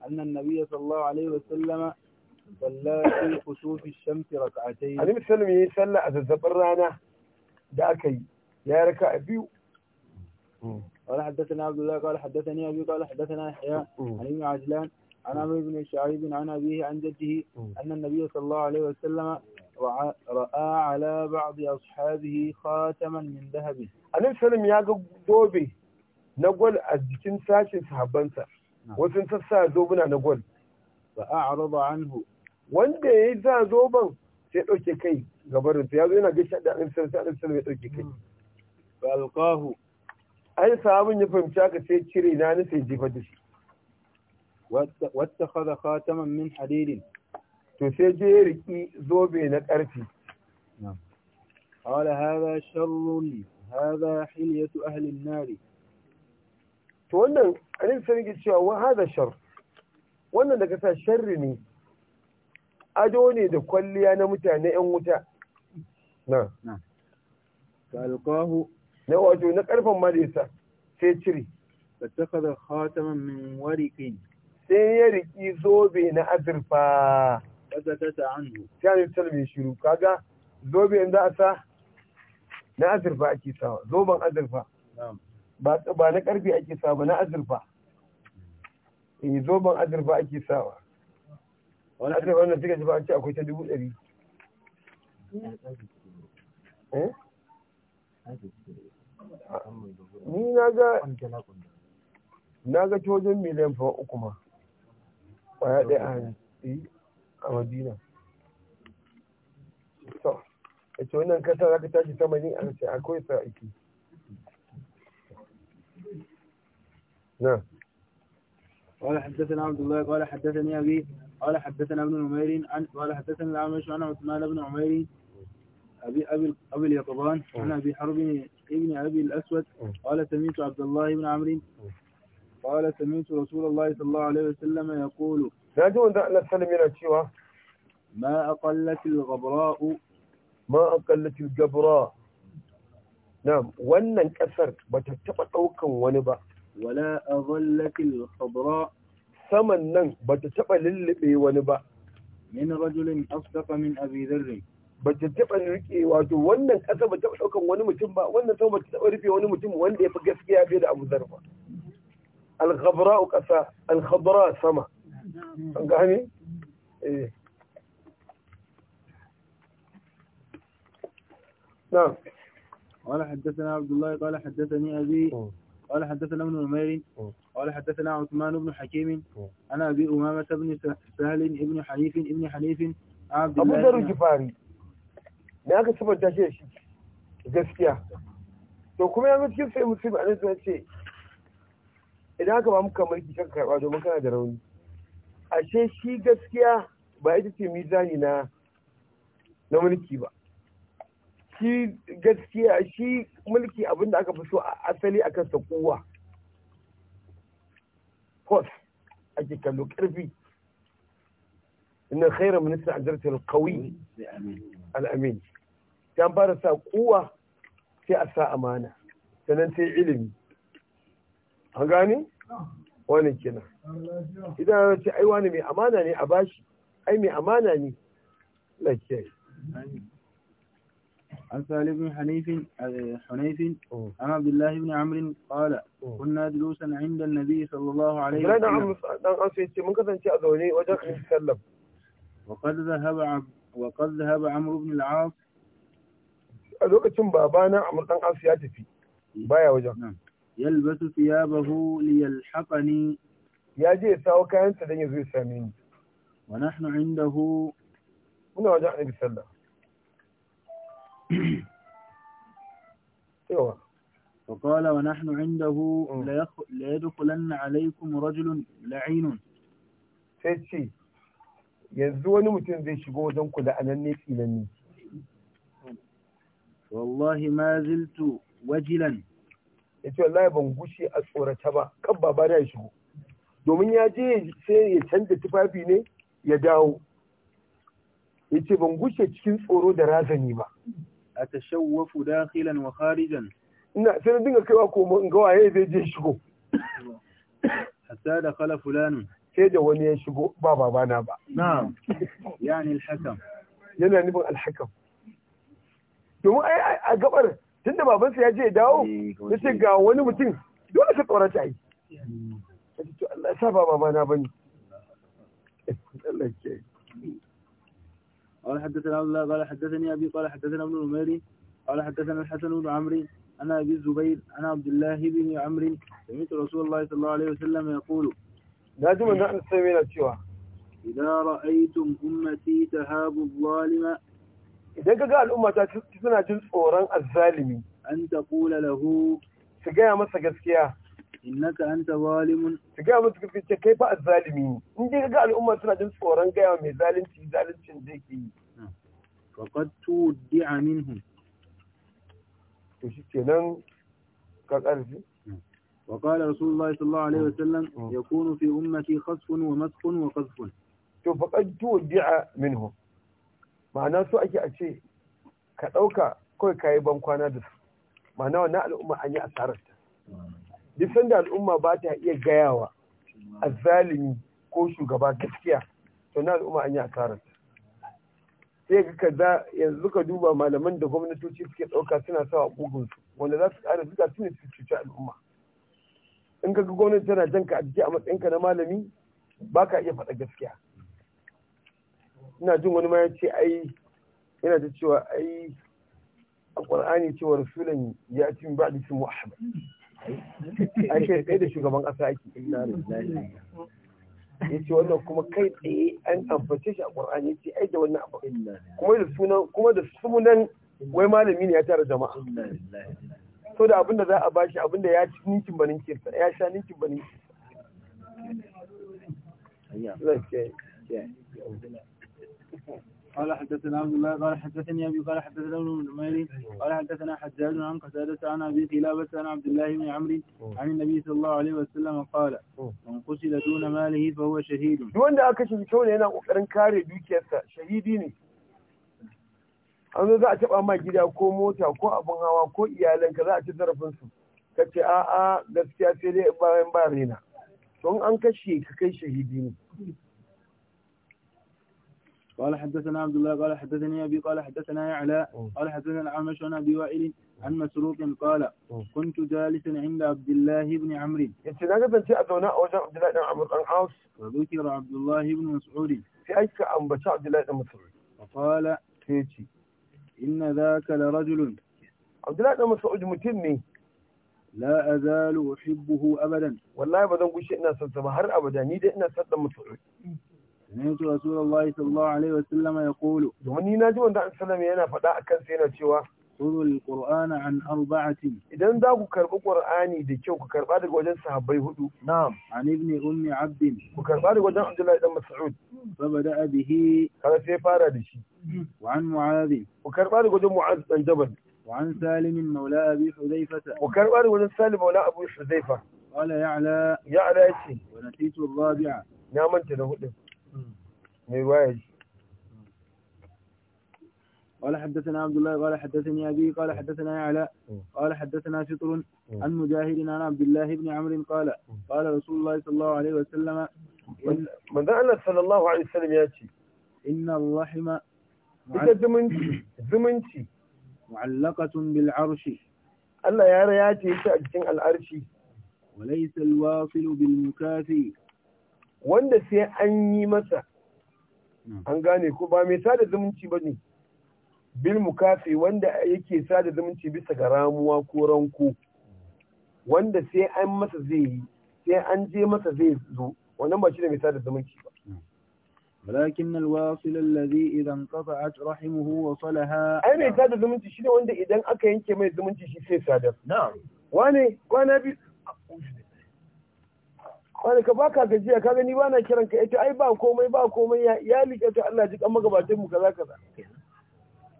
أن النبي صلى الله عليه وسلم صلى في خسوف الشمس ركعتين. النبي صلى الله عليه وسلم يصلى أذا زبرانا داكي يا ركع بيو قال حدثنا عبد الله قال حدثني أبي قال حدثنا يحيى عن ابن عجلان عن عمرو بن شعيب عن أبيه عن جده أن النبي صلى الله عليه وسلم رأى على بعض أصحابه خاتما من ذهب عليه السلام يا دوبي نقول أجتن ساشي صحبانسا wasu نعم. sassa دوبنا نقول فاعرض عنه وان araba دوبا wanda كي غبرت يا زين اجي ɗauke عليه السلام يا zo yana gaishe da ai sahabin ya fahimci haka sai cire na ni sai jifa da shi wata kada khataman min hadirin to sai je ya riki zobe na karfi qala hadha sharrun hadha hilyatu ahli an-nar to wannan an yi ke cewa wa hadha shar wannan da ka sa sharri ne ado ne da kwalliya na mutane yan wuta na na kalqahu na wato na karfan ma da yasa sai cire fattakhadha khataman min warikin. sai ya riki zobe na azurfa ta ta anhu sai ya salme shiru kaga zobe in za a sa na azurfa ake sawa zoben azurfa ba na karfe ake sawa ba na azurfa eh zoben azurfa ake sawa wani azurfa wannan suka ji ba ce akwai ta dubu ɗari eh ni na ga na ga cojin miliyan fa uku ma kwaya a hannu a madina to ya ce wannan kasa za ka tashi sama ne a ce akwai sa'iki na قال حدثنا عبد الله قال حدثني أبي قال حدثنا ابن عمير عن قال حدثنا الأعمش عن عثمان بن عمير أبي أبي أبي اليقظان عن أبي حرب ابن أبي الأسود قال سمعت عبد الله بن عمرو قال سمعت رسول الله صلى الله عليه وسلم يقول ناجون دعنا السلام إلى شيوا ما أقلت الغبراء ما أقلت الجبراء نعم وأن انكسر بتتبع أوكا ونبا ولا أظلت الخضراء ثمن بتتبع للبي ونبا من رجل أصدق من أبي ذر ba ta taɓa rike wato wannan ƙasa ba taɓa ɗaukan wani mutum ba wannan sama ba ta taɓa rufe wani mutum wanda ya fi gaskiya fiye da Abu Dhar ba al-ghabra ƙasa al-khadra sama an gane eh نعم قال حدثنا عبد الله قال حدثني أبي قال حدثنا ابن عمير قال حدثنا عثمان بن حكيم أنا أبي أمامة بن سهل بن حنيف بن حنيف عبد الله أبو ذر الجفاري me aka sabanta shi da shi gaskiya to kuma yanzu cikin sai mutum a nan ce idan aka ba muka mulki kan karba domin kana da rauni ashe shi gaskiya ba ita ce mizani na na mulki ba shi gaskiya shi mulki abinda aka fi so a asali akan sa kowa force ake kallo karfi ان خير من استعجلت القوي الامين sai an fara sa kuwa sai a sa amana sannan sai ilimi an gani wani kenan idan ya ce ai wani mai amana ne a bashi ai mai amana ne lafiya عن سالم بن حنيف حنيف عن عبد الله بن عمرو قال كنا جلوسا عند النبي صلى الله عليه وسلم وقد ذهب وقد ذهب عمرو بن العاص a lokacin babana a murdan asu ya tafi baya wajen yalbasu thiyabahu liyalhaqani ya je ya sawo kayansa dan ya zo ya same ni wa nahnu indahu muna wajen annabi sallallahu ايوه فقال ونحن عنده لا يدخلن عليكم رجل لعين sai ce yanzu wani mutum zai shigo wajen ku la'ananne tsinanni wallahi ma ziltu wajilan ya ce wallahi ban gushe a tsorata ba kan baba ya shigo domin ya je sai ya canza tufafi ne ya dawo ya ce ban gushe cikin tsoro da razani ba a tashawwafu dakhilan wa kharijan ina sai na dinga kaiwa ko in ga waye zai je shigo hatta da khala fulanun sai da wani ya shigo ba babana ba na'am yani al-hakam yana nufin al-hakam domin ai a gabar tunda babansa ya je ya dawo ya ce ga wani mutum dole ka tsorata ai Allah ya saba babana bane Allah ya قال حدثنا عبد الله قال حدثني أبي قال حدثنا ابن الأميري قال حدثنا الحسن بن عمرو أنا أبي الزبير أنا عبد الله بن عمرو سمعت رسول الله صلى الله عليه وسلم يقول لازم أن نستمر الشوى إذا رأيتم أمتي تهاب الظالم idan ka ga al'umma ta suna jin tsoron azzalimi an ta kula lahu su gaya masa gaskiya innaka ta zalimun su gaya masa gaskiya kai fa azzalimi in dai ka ga al'umma suna jin tsoron gaya mai zalunci zaluncin da yake yi faqad tuddi'a minhu to shi kenan ka karfi وقال رسول الله صلى الله عليه وسلم يكون في أمتي خصف ومسخ وقذف فقد تودع منهم ma'ana so ake a ce ka ɗauka kawai ka yi ban kwana da su ma'ana wannan al'umma an yi asararta duk sanda al'umma ba ta iya gayawa a zalimi ko shugaba gaskiya to na al'umma an yi asararta sai ga kaza yanzu ka duba malaman da gwamnatoci suke ɗauka suna sawa bugunsu wanda za su ƙara suka su ne su cuci al'umma in ka ga gwamnati tana jan ka a jiki a matsayinka na malami ba ka iya faɗa gaskiya ina jin wani ma ya ce ai yana ta cewa ai a ƙwar'ani cewa rasulun ya ci ba da cin muhammad ake tsaye da shugaban ƙasa ake ya ce wannan kuma kai tsaye an ambace shi a ƙwar'ani ya ce ai da wannan abu kuma da sunan kuma da sunan wai malami ne ya tara jama'a so da abinda za a bashi abinda ya ci ninkin banin kirsa ya sha ninkin banin kirsa قال حدثنا عبد الله قال حدثني أبي قال حدثنا ابن نمير قال حدثنا حجاج عن قتادة عن أبي قلابة عن عبد الله بن عمرو عن النبي صلى الله عليه وسلم قال من قتل دون ماله فهو شهيد duk wanda aka kashe kyau yana kokarin kare dukiyarsa shahidi ne an zo za a taba ma gida ko mota ko abin hawa ko iyalanka za a ci zarafin su ka ce a a bayan ba rena an kashe ka kai shahidi ne قال حدثنا عبد الله قال حدثني أبي قال حدثنا يعلى قال حدثنا عمش عن أبي وائل عن مسروق قال كنت جالسا عند عبد الله بن عمرو يتناقض أنت أذونا أوجه عبد الله بن عمرو عن عاص وذكر عبد الله بن مسعود في أيك أم بشا عبد الله بن مسعود فقال تيجي إن ذاك لرجل عبد الله بن مسعود متني لا أزال أحبه أبدا والله بدن قشي إنا سلسة هر أبدا نيدي إنا سلسة مسعود سمعت رسول الله صلى الله عليه وسلم يقول دوني ناجي وندا ان سلم yana faɗa a sai na cewa Kuru Al-Qur'ana an arba'atin. Idan za ku karɓi Ƙur'ani da kyau ku karɓa daga wajen sahabbai hudu. Na'am. An ibn Ummi Abdin. Ku karɓa daga wajen Abdullahi dan Mas'ud. Saba da abihi. sai fara da shi. Wa Ku karɓa daga wajen dan Jabal. Wa an Salim Maula Abi Hudayfa. Ku karɓa daga wajen Maula Abi Hudayfa. Qala ya'la. Ya'la yace. Wa natitu ar-rabi'a. Na manta da hudu. mai ruwa ya ji قال حدثنا عبد الله قال حدثني أبي قال حدثنا علاء قال حدثنا فطر عن مجاهد عن عبد الله بن عمرو قال قال رسول الله صلى الله عليه وسلم من دعنا صلى الله عليه وسلم ياتي إن الرحم ita zumunci zumunci mu'allaqatun bil arshi Allah ya raya ce ta a cikin al'arshi walaysa al-wasil bil mukafi wanda sai an yi masa an gane ko ba mai sada zumunci ba ne bil mukafi wanda yake sada zumunci bisa ga ramuwa ko ranko wanda sai an masa zai yi sai an je masa zai zo wannan ba shi ne mai sada zumunci ba ولكن الواصل الذي إذا انقطعت رحمه وصلها ai mai sada zumunci shine wanda idan aka yanke mai zumunci shi sai sadar na'am wane kwana bi wani ka baka gajiya ka gani bana kiran ka ita ai ba komai ba komai ya ya liƙe ta Allah ji kan magabatan mu kaza kaza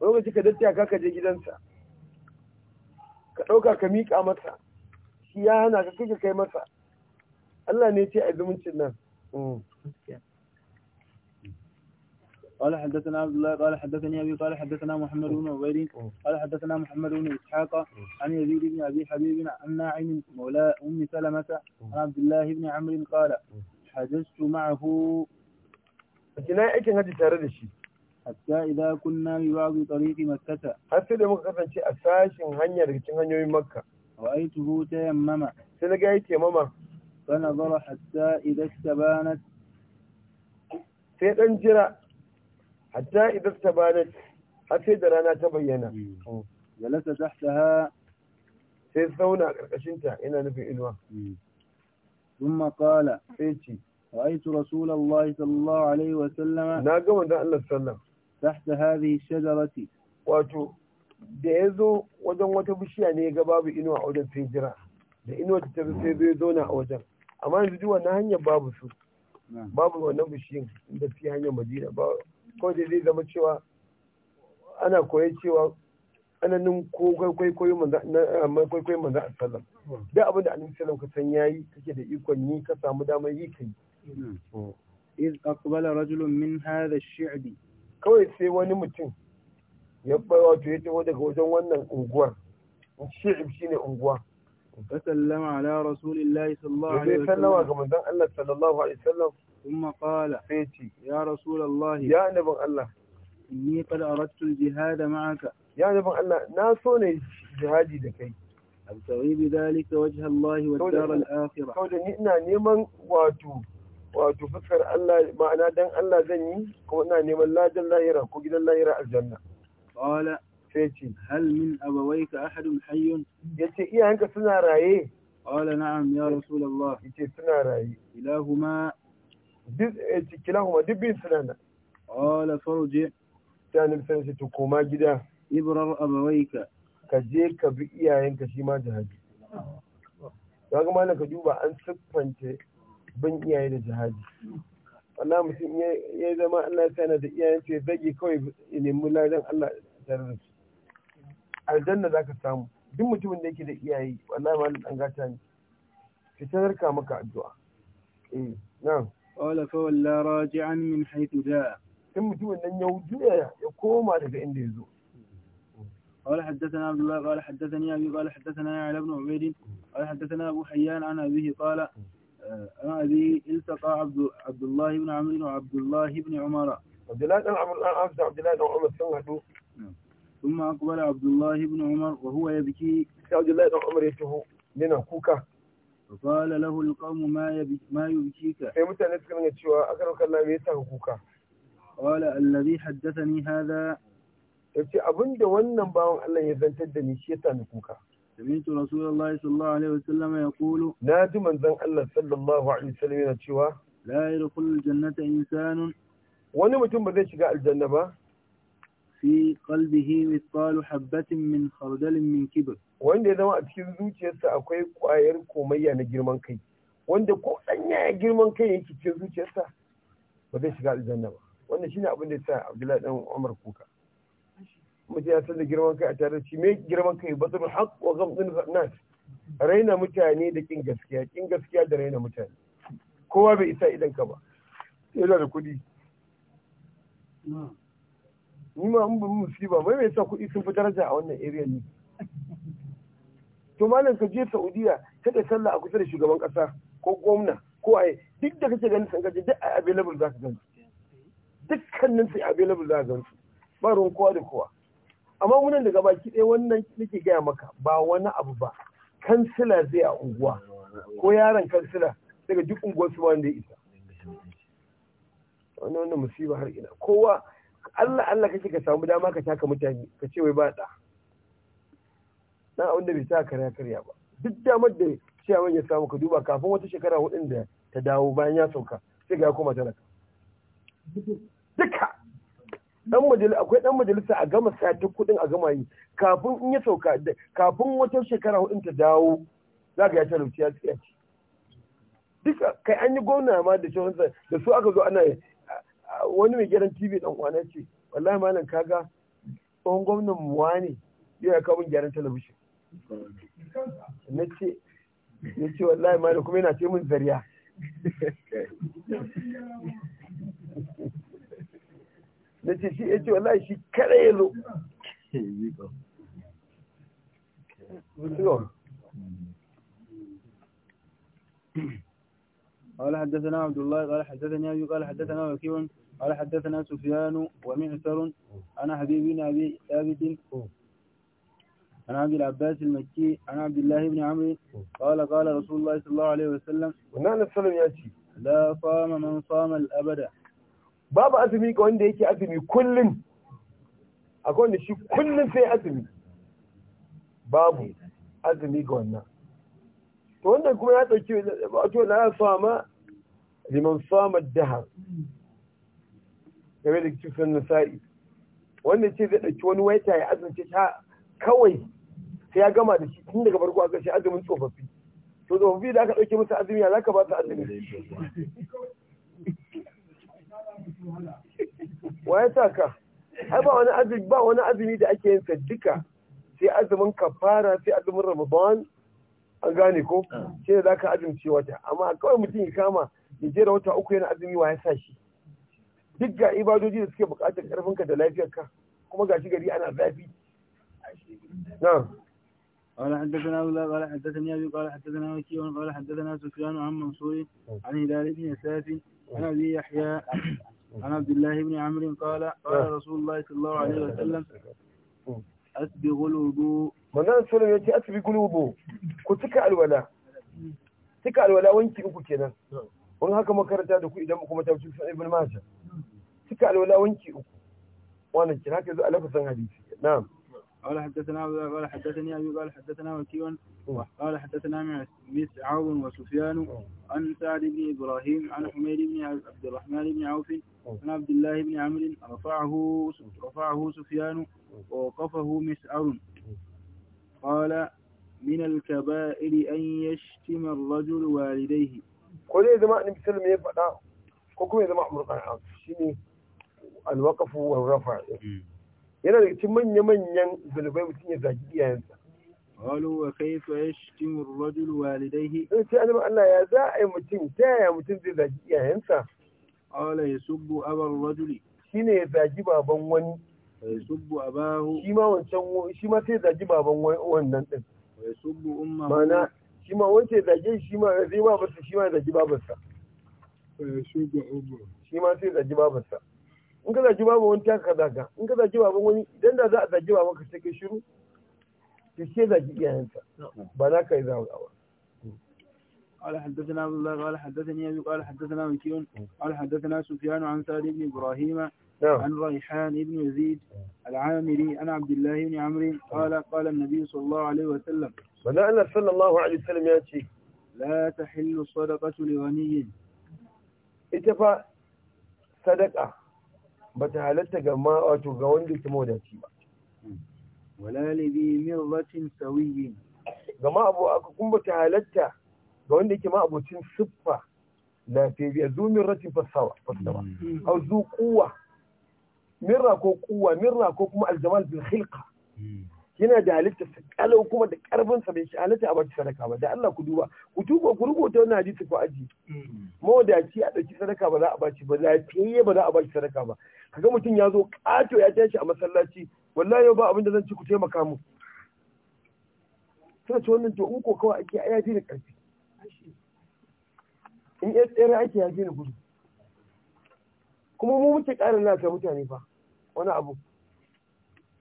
lokaci ka dace ka ka je gidansa ka ɗauka ka mika masa shi ya hana ka kike kai masa Allah ne ya ce a zumuncin nan mm. قال حدثنا عبد الله قال حدثني أبي قال حدثنا محمد بن عبيد قال حدثنا محمد بن إسحاق عن يزيد بن أبي حبيب عن ناعم مولى أم سلمة عن عبد الله بن عمرو قال حجزت معه حتى إذا كنا ببعض طريق مكة حتى إذا مكة شيء أساس هني مكة رأيته تيمما سنجأت يمما فنظر حتى إذا استبانت سيد أنجرا hatta idan ta bada har sai da rana ta bayyana jalasa tahtaha sai zauna karkashinta ina nufin inuwa thumma qala sai ce ra'aytu rasulullahi sallallahu alaihi wa sallama na ga manzon Allah sallallahu tahta hadhihi shajarati wato da yazo wajen wata bishiya ne ga babu inuwa a wajen sai jira da inuwa ta sai zai zauna a wajen amma yanzu duk wannan hanyar babu su babu wannan bishiyin inda fi hanyar madina babu kawai da zai zama cewa ana koya cewa tsananin kwaikwayo manza eh, a sallam hmm. da abin da annabi salam ka san yayi kake da ikon yi ka samu damar yi ka yi hmm. Hmm. iz aqbala rajulun min hadha ash-shi'bi kawai sai wani mutum ya wato ya taho daga wajen wannan unguwar shi'ib shine unguwa فسلم على رسول الله صلى الله عليه وسلم سلم كما دان الله صلى الله عليه وسلم ثم قال فيتي يا رسول الله يا نبي الله إني قد أردت الجهاد معك يا نبي الله ناسوني جهادي دكي أبتغي بذلك وجه الله والدار الآخرة سودا نئنا نيمان واتو واتو فكر الله معنا دان الله زني كنا نيمان لا جل لا يرى كو جل لا يرى الجنة قال sai ce hal min abawaika ahadun hayyun yace iyayenka suna raye qala na'am ya rasu da Ya ce suna raye ilahuma duk yace kilahuma duk eh, bin suna nan qala farji ta nabi sai koma gida ibrar abawaika ka je ka bi iyayenka shi ma jihadi ya ga malaka duba an siffanta bin iyaye da jihadi wannan mutum ya zama Allah ya sana da iyayen ya zage kawai ya nemi ladan Allah tare da su aljanna zaka samu duk mutumin da yake da iyaye wallahi malam an gata ni ki tarka maka addu'a eh na'am wala fa walla raji'an min haythu jaa sai mutumin nan ya juya ya koma daga inda yazo zo قال حدثنا عبد الله قال حدثني أبي قال حدثنا يعلى بن عبيد قال حدثنا أبو حيان عن أبيه قال عن أبي التقى عبد, عبد الله بن عمرو وعبد الله بن عمر عبد الله بن عمرو عبد الله بن عمر سنة ثم أقبل عبد الله بن عمر وهو يبكي عبد الله بن عمر يتهو لنا كوكا فقال له القوم ما يبكي ما يبكيك sai mutane suka nuna cewa aka rauka Allah me yasa kuka qala alladhi haddathani hadha yace abinda wannan bawan Allah ya zantar سمعت رسول الله صلى الله عليه وسلم يقول نادما ذن الله صلى الله عليه وسلم يقول لا يدخل الجنة إنسان wani mutum ba zai shiga fi qalbihi mithqalu habbatin min khardalin min kibr wanda ya zama a cikin zuciyarsa akwai kwayar komayya na girman kai wanda ko danya girman kai yake cikin zuciyarsa ba zai shiga aljanna ba wannan shine abin da ya sa Abdullahi dan Umar kuka mutum ya san da girman kai a tare da shi me girman kai basarul haqq wa ghamdun nas raina mutane da kin gaskiya kin gaskiya da raina mutane kowa bai isa idan ka ba yana da kuɗi ni ma in ba musiba bai mai sa kuɗi sun fi daraja a wannan area ne to malam ka je Saudiya kada sallah a kusa da shugaban kasa ko gwamna ko ai duk da kake ganin san gaje duk ai available za ka gani dukkanin sai available za ka gani ba ruwan kowa da kowa amma munan daga baki ɗaya wannan nake gaya maka ba wani abu ba kansila zai a unguwa ko yaron kansila daga duk unguwar su wanda ya isa wani wannan musiba har ina kowa Allah Allah kake ka samu dama ka taka mutane ka ce wai ba da dan abin da bai sa karya karya ba duk damar da ciyaman ya samu ka duba kafin wata shekara hudun da ta dawo bayan ya sauka sai ga ya koma talaka duka dan majalisa akwai dan majalisa a gama satin kudin a gama yi kafin in ya sauka kafin wata shekara hudun ta dawo za ka ya talauci ya tsiya duka kai an yi gwamna ma da da su aka zo ana wani mai gyaran tv dan uwana ce wallahi malam kaga tsohon gwamnan muwa ne yau ya kawo gyaran talabishin na ce na ce wallahi malam kuma yana ce mun zariya na ce shi ya ce wallahi shi kada ya zo قال حدثنا عبد الله قال حدثنا أبي قال حدثنا وكيع قال حدثنا سفيان ومعسر عن حبيب بن أبي ثابت عن عبد العباس المكي عن عبد الله بن عمرو قال قال رسول الله صلى الله عليه وسلم ونحن السلام يأتي لا صام من صام الأبد باب أزمي كون ديكي أزمي كل أقول لشي كل في أزمي babu azumi ga wannan to wannan kuma ya ɗauki wato la sama liman sama dahar game da kisan nasa'i wanda ce zai ɗauki wani waita ya azance ta kawai sai ya gama da shi tun daga farko a ƙarshe azumin tsofaffi to tsofaffi da aka ɗauke musu azumi ya zaka ba su azumi wa ya sa ka ai ba wani azumi ba wani azumi da ake yin sadduka sai azumin kafara sai azumin ramadan an gane ko ah. shi ne zaka azumce wata amma kawai mutum ya kama ya jera wata uku yana azumi wa ya sa shi duk ga ibadoji da suke buƙatar karfinka da lafiyarka kuma ga shi gari ana zafi na'am قال حدثنا أبو الله قال حدثني أبي قال حدثنا وكيع قال حدثنا سفيان عن منصور عن هلال بن يساف عن أبي يحيى عن عبد الله بن عمرو قال قال رسول الله صلى الله عليه وسلم أسبغ الوضوء manzon sallallahu ya ce asibi gulubu ku cika alwala cika alwala wanki uku kenan wani haka makaranta da ku idan kuma ta fi cika alwala wanki uku wannan kina ka zo a lafazin hadisi na'am قال حدثنا عبد الله قال حدثني ابي قال حدثنا وكيع قال حدثنا مسعر وسفيان عن سعد بن ابراهيم عن حميد بن عبد الرحمن بن عوف عن عبد الله بن عمرو رفعه رفعه سفيان ووقفه مسعر قال من الكبائر ان يشتم الرجل والديه قل اذا ما annabi sallallahu alaihi اذا ما faɗa قال kuma alwakafu wa rafa mm. yana da cikin manya-manyan zulubai mutum ya zagi iyayensa Walu wa kaifa yashtimu ar-rajul In sai alim Allah ya za a yi mutum ta yaya mutum zai zagi iyayensa ya yasubbu abar rajuli shine ya zagi baban wani yasubbu abahu shi ma wancan shi ma sai zagi baban wannan din yasubbu umma. mana shi ma wancan zage shi ma zai ba basu shi ma zagi babarsa yasubbu ummahu shi ma sai zagi babarsa wani taka wani idan da za a ka shiru ba za ka yi zawo قال حدثنا عبد الله قال حدثني ابي قال حدثنا وكيل قال حدثنا سفيان عن سعد بن ابراهيم نعم. عن ريحان بن يزيد العامري عن عبد الله بن عمرو قال قال النبي صلى الله عليه وسلم بدأنا صلى الله عليه وسلم يا شيخ لا تحل الصدقة لغني اتفق صدقة ba ta halatta ga ma wato ga wanda ke mawadaci ba wala libi mirratin sawiyin ga ma abu aka kun ba ta halatta ga wanda ke ma abocin siffa la fi bi zu mirratin fasawa fasawa hmm. au zu kuwa mirra ko kuwa mirra ko kuma aljamal bil khilqa hmm. yana da halitta kalau kuma da karfin sa bai shi halitta a baki sadaka ba da Allah ku duba ku tuko ku rubuta wannan hadisi ku aji mawadaci a dauki sadaka ba za a baci ba lafiyayye ba za a baci sadaka ba kaga mutum ya zo kato ya tashi a masallaci wallahi yau ba abin da zan ci ku taimaka mu sai ci wannan to in ko kawai ake ya fi ni karfi in ya tsere ake ya fi ni gudu kuma mu muke ƙara na ta mutane fa wani abu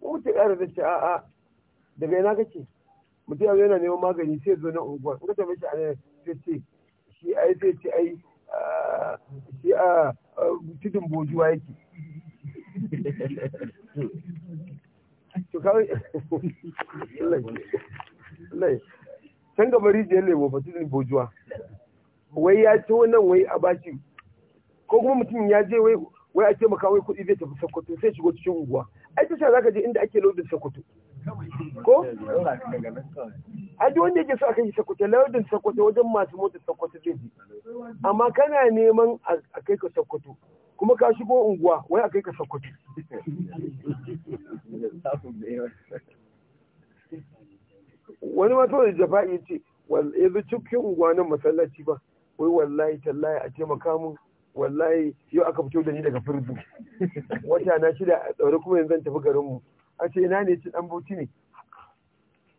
mu muke ƙara da ce a'a daga yana kake mutum yanzu yana neman magani sai zo na unguwa in ka tafi shi a nan sai ce shi ai sai ce ai ah, shi a ah, tudun bojuwa yake to kawai lai can gaba rijiyar lebo ba tudun bojuwa wai ya ce wannan wai a bashi ko kuma mutum ya je wai wai a taimaka wai kuɗi zai tafi sokoto sai shigo cikin unguwa ai ta za ka je inda ake lodin sokoto ko aji wanda yake so a kai sakwato laudin sakwato wajen masu mota sakwato zai amma kana neman a kai ka sakwato kuma ka shigo unguwa wai a kai ka sakwato wani mato da ya ce yanzu cikin unguwa nan masallaci ba wai wallahi tallahi a taimaka mun wallahi yau aka fito da ni daga firdu wata na shida a tsaure kuma yanzu tafi garinmu a ce ina ne ci dan bauti ne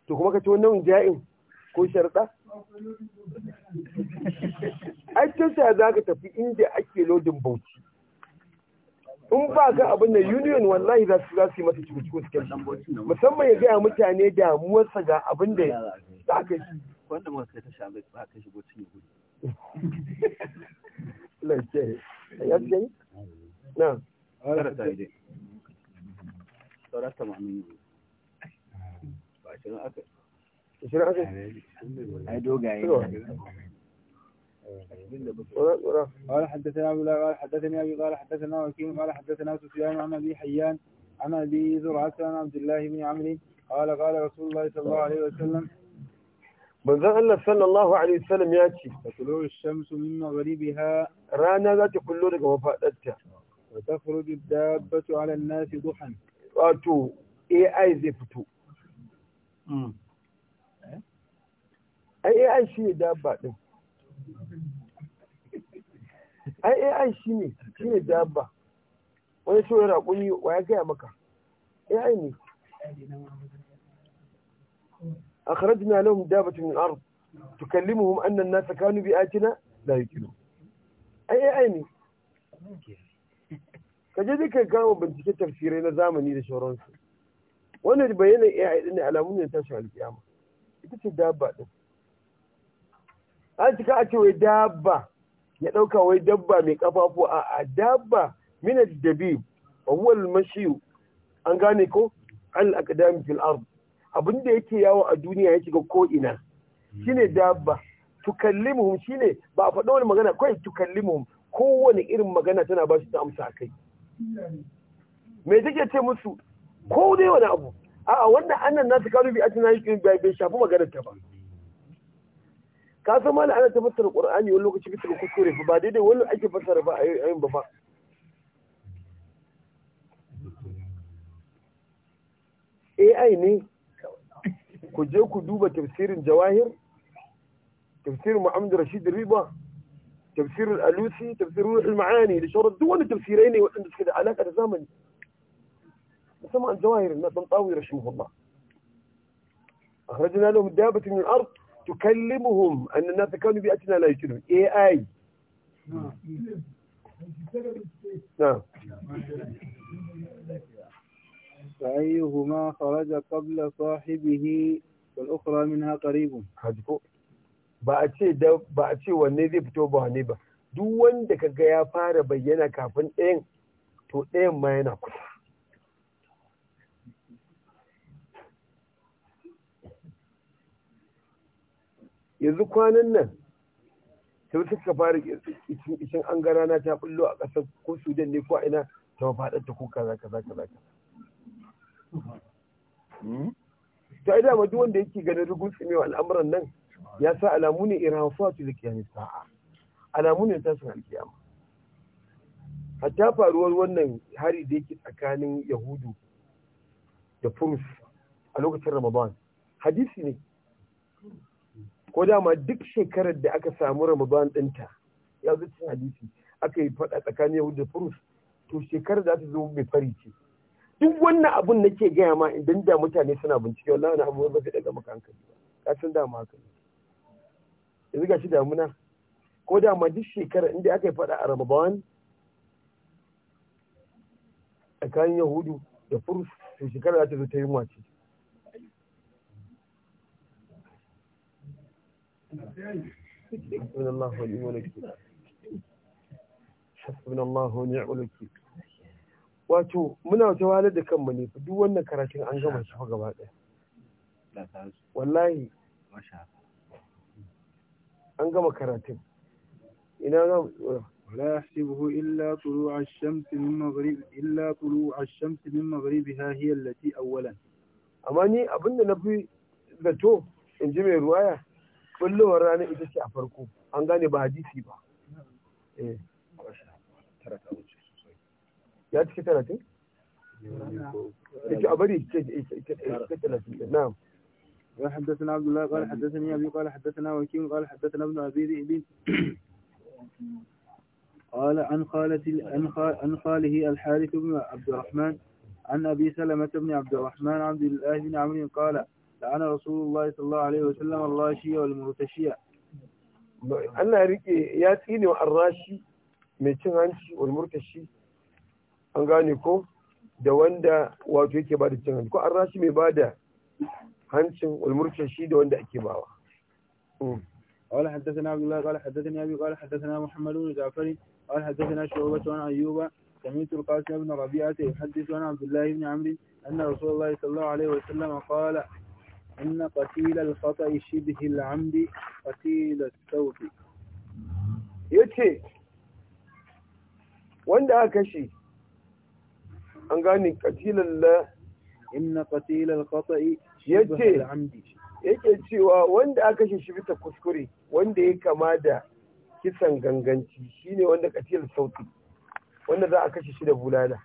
to kuma ka ce wannan ja'in ko sharɗa ai can sa za ka tafi inda ake lodin bauchi in ba ka abin da union wallahi za su yi masa cikin cikin musamman ya gaya mutane damuwarsa ga abin da za ka yi wanda ma kai ta shabe ba ka shigo cikin gudu lafiya ya ce na Tara Tara ta yi dai. saurata ma'amini يعني يعني قال حدثنا ابو لا قال حدثني ابي قال حدثنا وكيم قال حدثنا سفيان عن ابي حيان عن ابي زرعه عن عبد الله بن عمرو قال قال رسول الله صلى الله عليه وسلم من ذا صلى الله عليه وسلم ياتي تطلع الشمس من مغربها رانا ذات كل لغة وفادتها وتخرج الدابة على الناس ضحا واتو إيه، اي اي زفتو ai ai shi ne dabba din ai ai shi ne shi ne dabba wani shi wani raƙuni wa ya gaya maka ai ne أخرجنا لهم دابة من الأرض تكلمهم أن الناس كانوا بآتنا لا يكلون أي عيني كجدك كانوا بنتك تفسيرين زامني لشورانسي wannan bayanan ya din ne alamun ne shawar kiyama ita ce dabba ɗin. an cika a ce wai dabba ya ɗauka wai dabba mai kafafu a a dabba da dabi awwal mashiyu an gane ko An akadami fil ard abin da yake yawo a duniya ya shiga ko'ina ina shine dabba tukallimuhum shine ba a faɗa wani magana kawai tukallimuhum kowane irin magana tana ba su ta amsa a kai me take ce musu ko dai wani abu a'a wannan annan nasu kalu a tunayi yakin bai bai shafi maganar ta ba ka san mala ana ta fassara qur'ani wani lokaci bisa kuskure ba daidai wani ake fassara ba a yin ba ba AI ne ku je ku duba tafsirin jawahir tafsirin Muhammad Rashid Riba tafsirin Alusi tafsirin Ruhul Ma'ani da shawarar duk wani tafsirai ne waɗanda suke da alaka da zamani وسمع عن جواهر بنطاوي رحمه الله أخرجنا لهم دابة من الأرض تكلمهم أن الناس كانوا بيأتنا لا يتنون اي اي نعم فأيهما خرج قبل صاحبه والأخرى منها قريب هذا ba a ce da ba a ce wanne zai fito ba wanne ba duk wanda kaga ya fara bayyana kafin ɗayan to ɗayan ma yana kusa yanzu kwanan nan sai suka fara ishin an ga rana ta bullo a ƙasar ko sudan ne ko a ina ta faɗar ta kuka za ka za ka za ka hmm? ta yi ma duk wanda yake ganin rugun tsimewa al'amuran nan ya sa alamu ne iran fatu da kiyami sa'a alamu ne ta sun alkiyama hatta faruwar wannan hari da yake tsakanin yahudu da furus a lokacin ramadan hadisi ne ko dama duk shekarar da aka samu ramadan dinta, ya zo cikin hadisi aka yi faɗa tsakanin yahudu da furus to shekarar za ta zo mai fari ce duk wannan abun nake gaya ma idan da mutane suna bincike wallahi na abubuwan ba zai daga maka hankali ba ka san dama haka ne yanzu shi damuna ko dama duk shekarar inda aka yi faɗa a ramadan tsakanin yahudu da furus to shekarar za ta zo ta yi mace حسبنا الله ونعم الوكيل حسبنا الله ونعم الوكيل واتو منا muna tawalar da kanmu ne duk wannan karatun an gama shi gaba
daya
wallahi an gama karatun ina za mu ولا يحسبه إلا طلوع الشمس من مغرب إلا طلوع الشمس من مغربها هي التي أولا أماني ني أبن نبي ذاتو إن جميع رواية kullowar rana ita ce a farko an gane ba hadisi ba eh. ya cike talatin? yake a bari cike na'am قال حدثنا عبد الله قال حدثني أبي قال حدثنا وكيم قال حدثنا ابن أبي ذئب قال عن خالتي عن خاله الحارث بن عبد الرحمن عن أبي سلمة بن عبد الرحمن عبد الله بن عمرو قال la'ana rasulullahi sallallahu alaihi wasallam allashi wal murtashiya Allah rike ya tsine wa arrashi mai cin hanci wal murtashi an gane ko da wanda wato yake ba da cin hanci ko arrashi mai bada hancin wal da wanda ake bawa قال حدثنا عبد الله قال حدثني ابي قال حدثنا محمد بن جعفر قال حدثنا شعبة عن ايوب سمعت القاسم بن ربيعة يحدث عن عبد الله بن عمرو ان رسول الله صلى الله عليه وسلم قال أن قتيل الخطأ شبه العمد قتيل الثوب yace wanda aka kashe an gane qatilan la inna qatilal khata'i yace yake cewa wanda aka shi shi bisa kuskure wanda ya kama da kisan ganganci shine wanda qatil sauti wanda za a kashe shi da bulala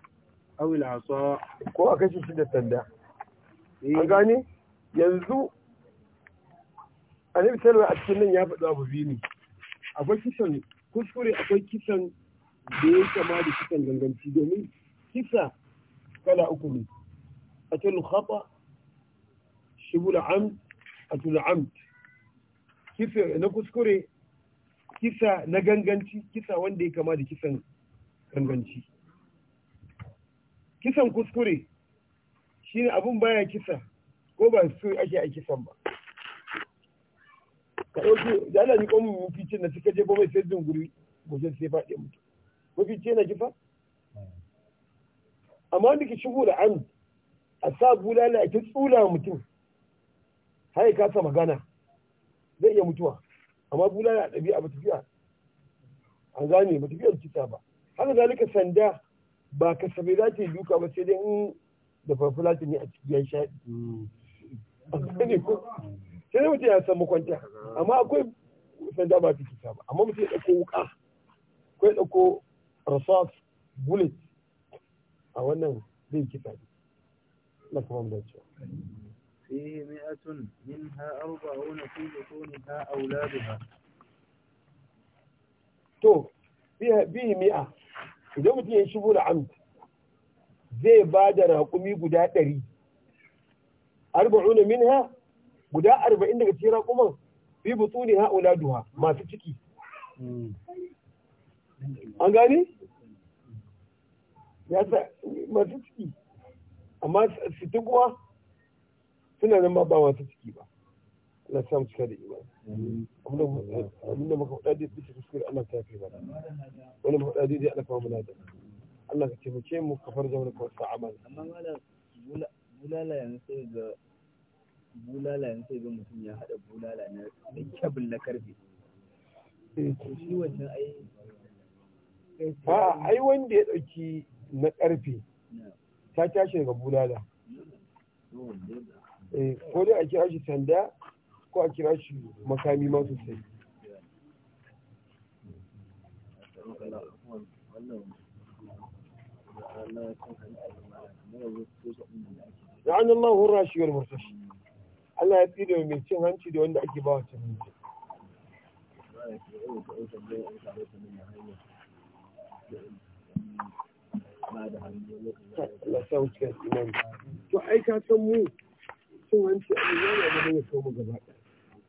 awil asa ko a kashe shi da sanda an gane yanzu annabi sallallahu a cikin nan ya faɗi abu biyu ne akwai kisan kuskure akwai kisan da ya kama da kisan ganganci domin kisa kala uku ne a tulu khata shibul am a tuna am kisa na kuskure kisa na ganganci kisa wanda ya kama da kisan ganganci kisan kuskure shine abun baya kisa ko ba su ake aiki san ba ka ɗauki da ana ni ƙwamu mafi na da suka je ba mai sai zunguri gushin sai faɗi mutu mafi ce na kifa amma wanda ke shigo da an a sa bulala a kin tsula mutum har ya kasa magana zai iya mutuwa amma bulala a ɗabi'a ba tafiya an gane ba tafiya kisa ba haka zalika sanda ba kasafai za ta yi duka ba sai dai in da farfula ne a cikin shaɗi hmm. ne ko sai mutum ya san makwanta amma akwai sanda ba ta cuta ba amma mutum ya ɗauko wuka ko ya ɗauko rasas bullet a wannan zai kisa ne na kuma mu dace فيه مئة منها أربعون في بطونها أولادها to bihi mi'a idan mutum ya shigo da amt zai ba da raƙumi guda ɗari arba'una minha guda arba'in daga cikin raƙuman fi butuni ha uladuha masu ciki an gani ya masu ciki amma sitin kuma suna nan ba masu ciki ba na samu cika da
imani
abinda muka faɗa dai bisa kuskure Allah ta fi bada wani muka faɗa dai Allah kawo mu Allah ka taimake mu ka farja mana kawai sa'a mana bulala yanzu sai ga bulala sai ga mutum ya haɗa bulala na kyabul na karfe shi wancan ai a ai wanda ya ɗauki na karfe ta tashi daga bulala ko dai a kira shi sanda ko a kira shi makami ma sosai wannan la'an Allah hurra shi wal shi. Allah ya tsira mai cin hanci da wanda ake ba wa cin hanci to san mu cin hanci a ya ya kawo gaba ɗaya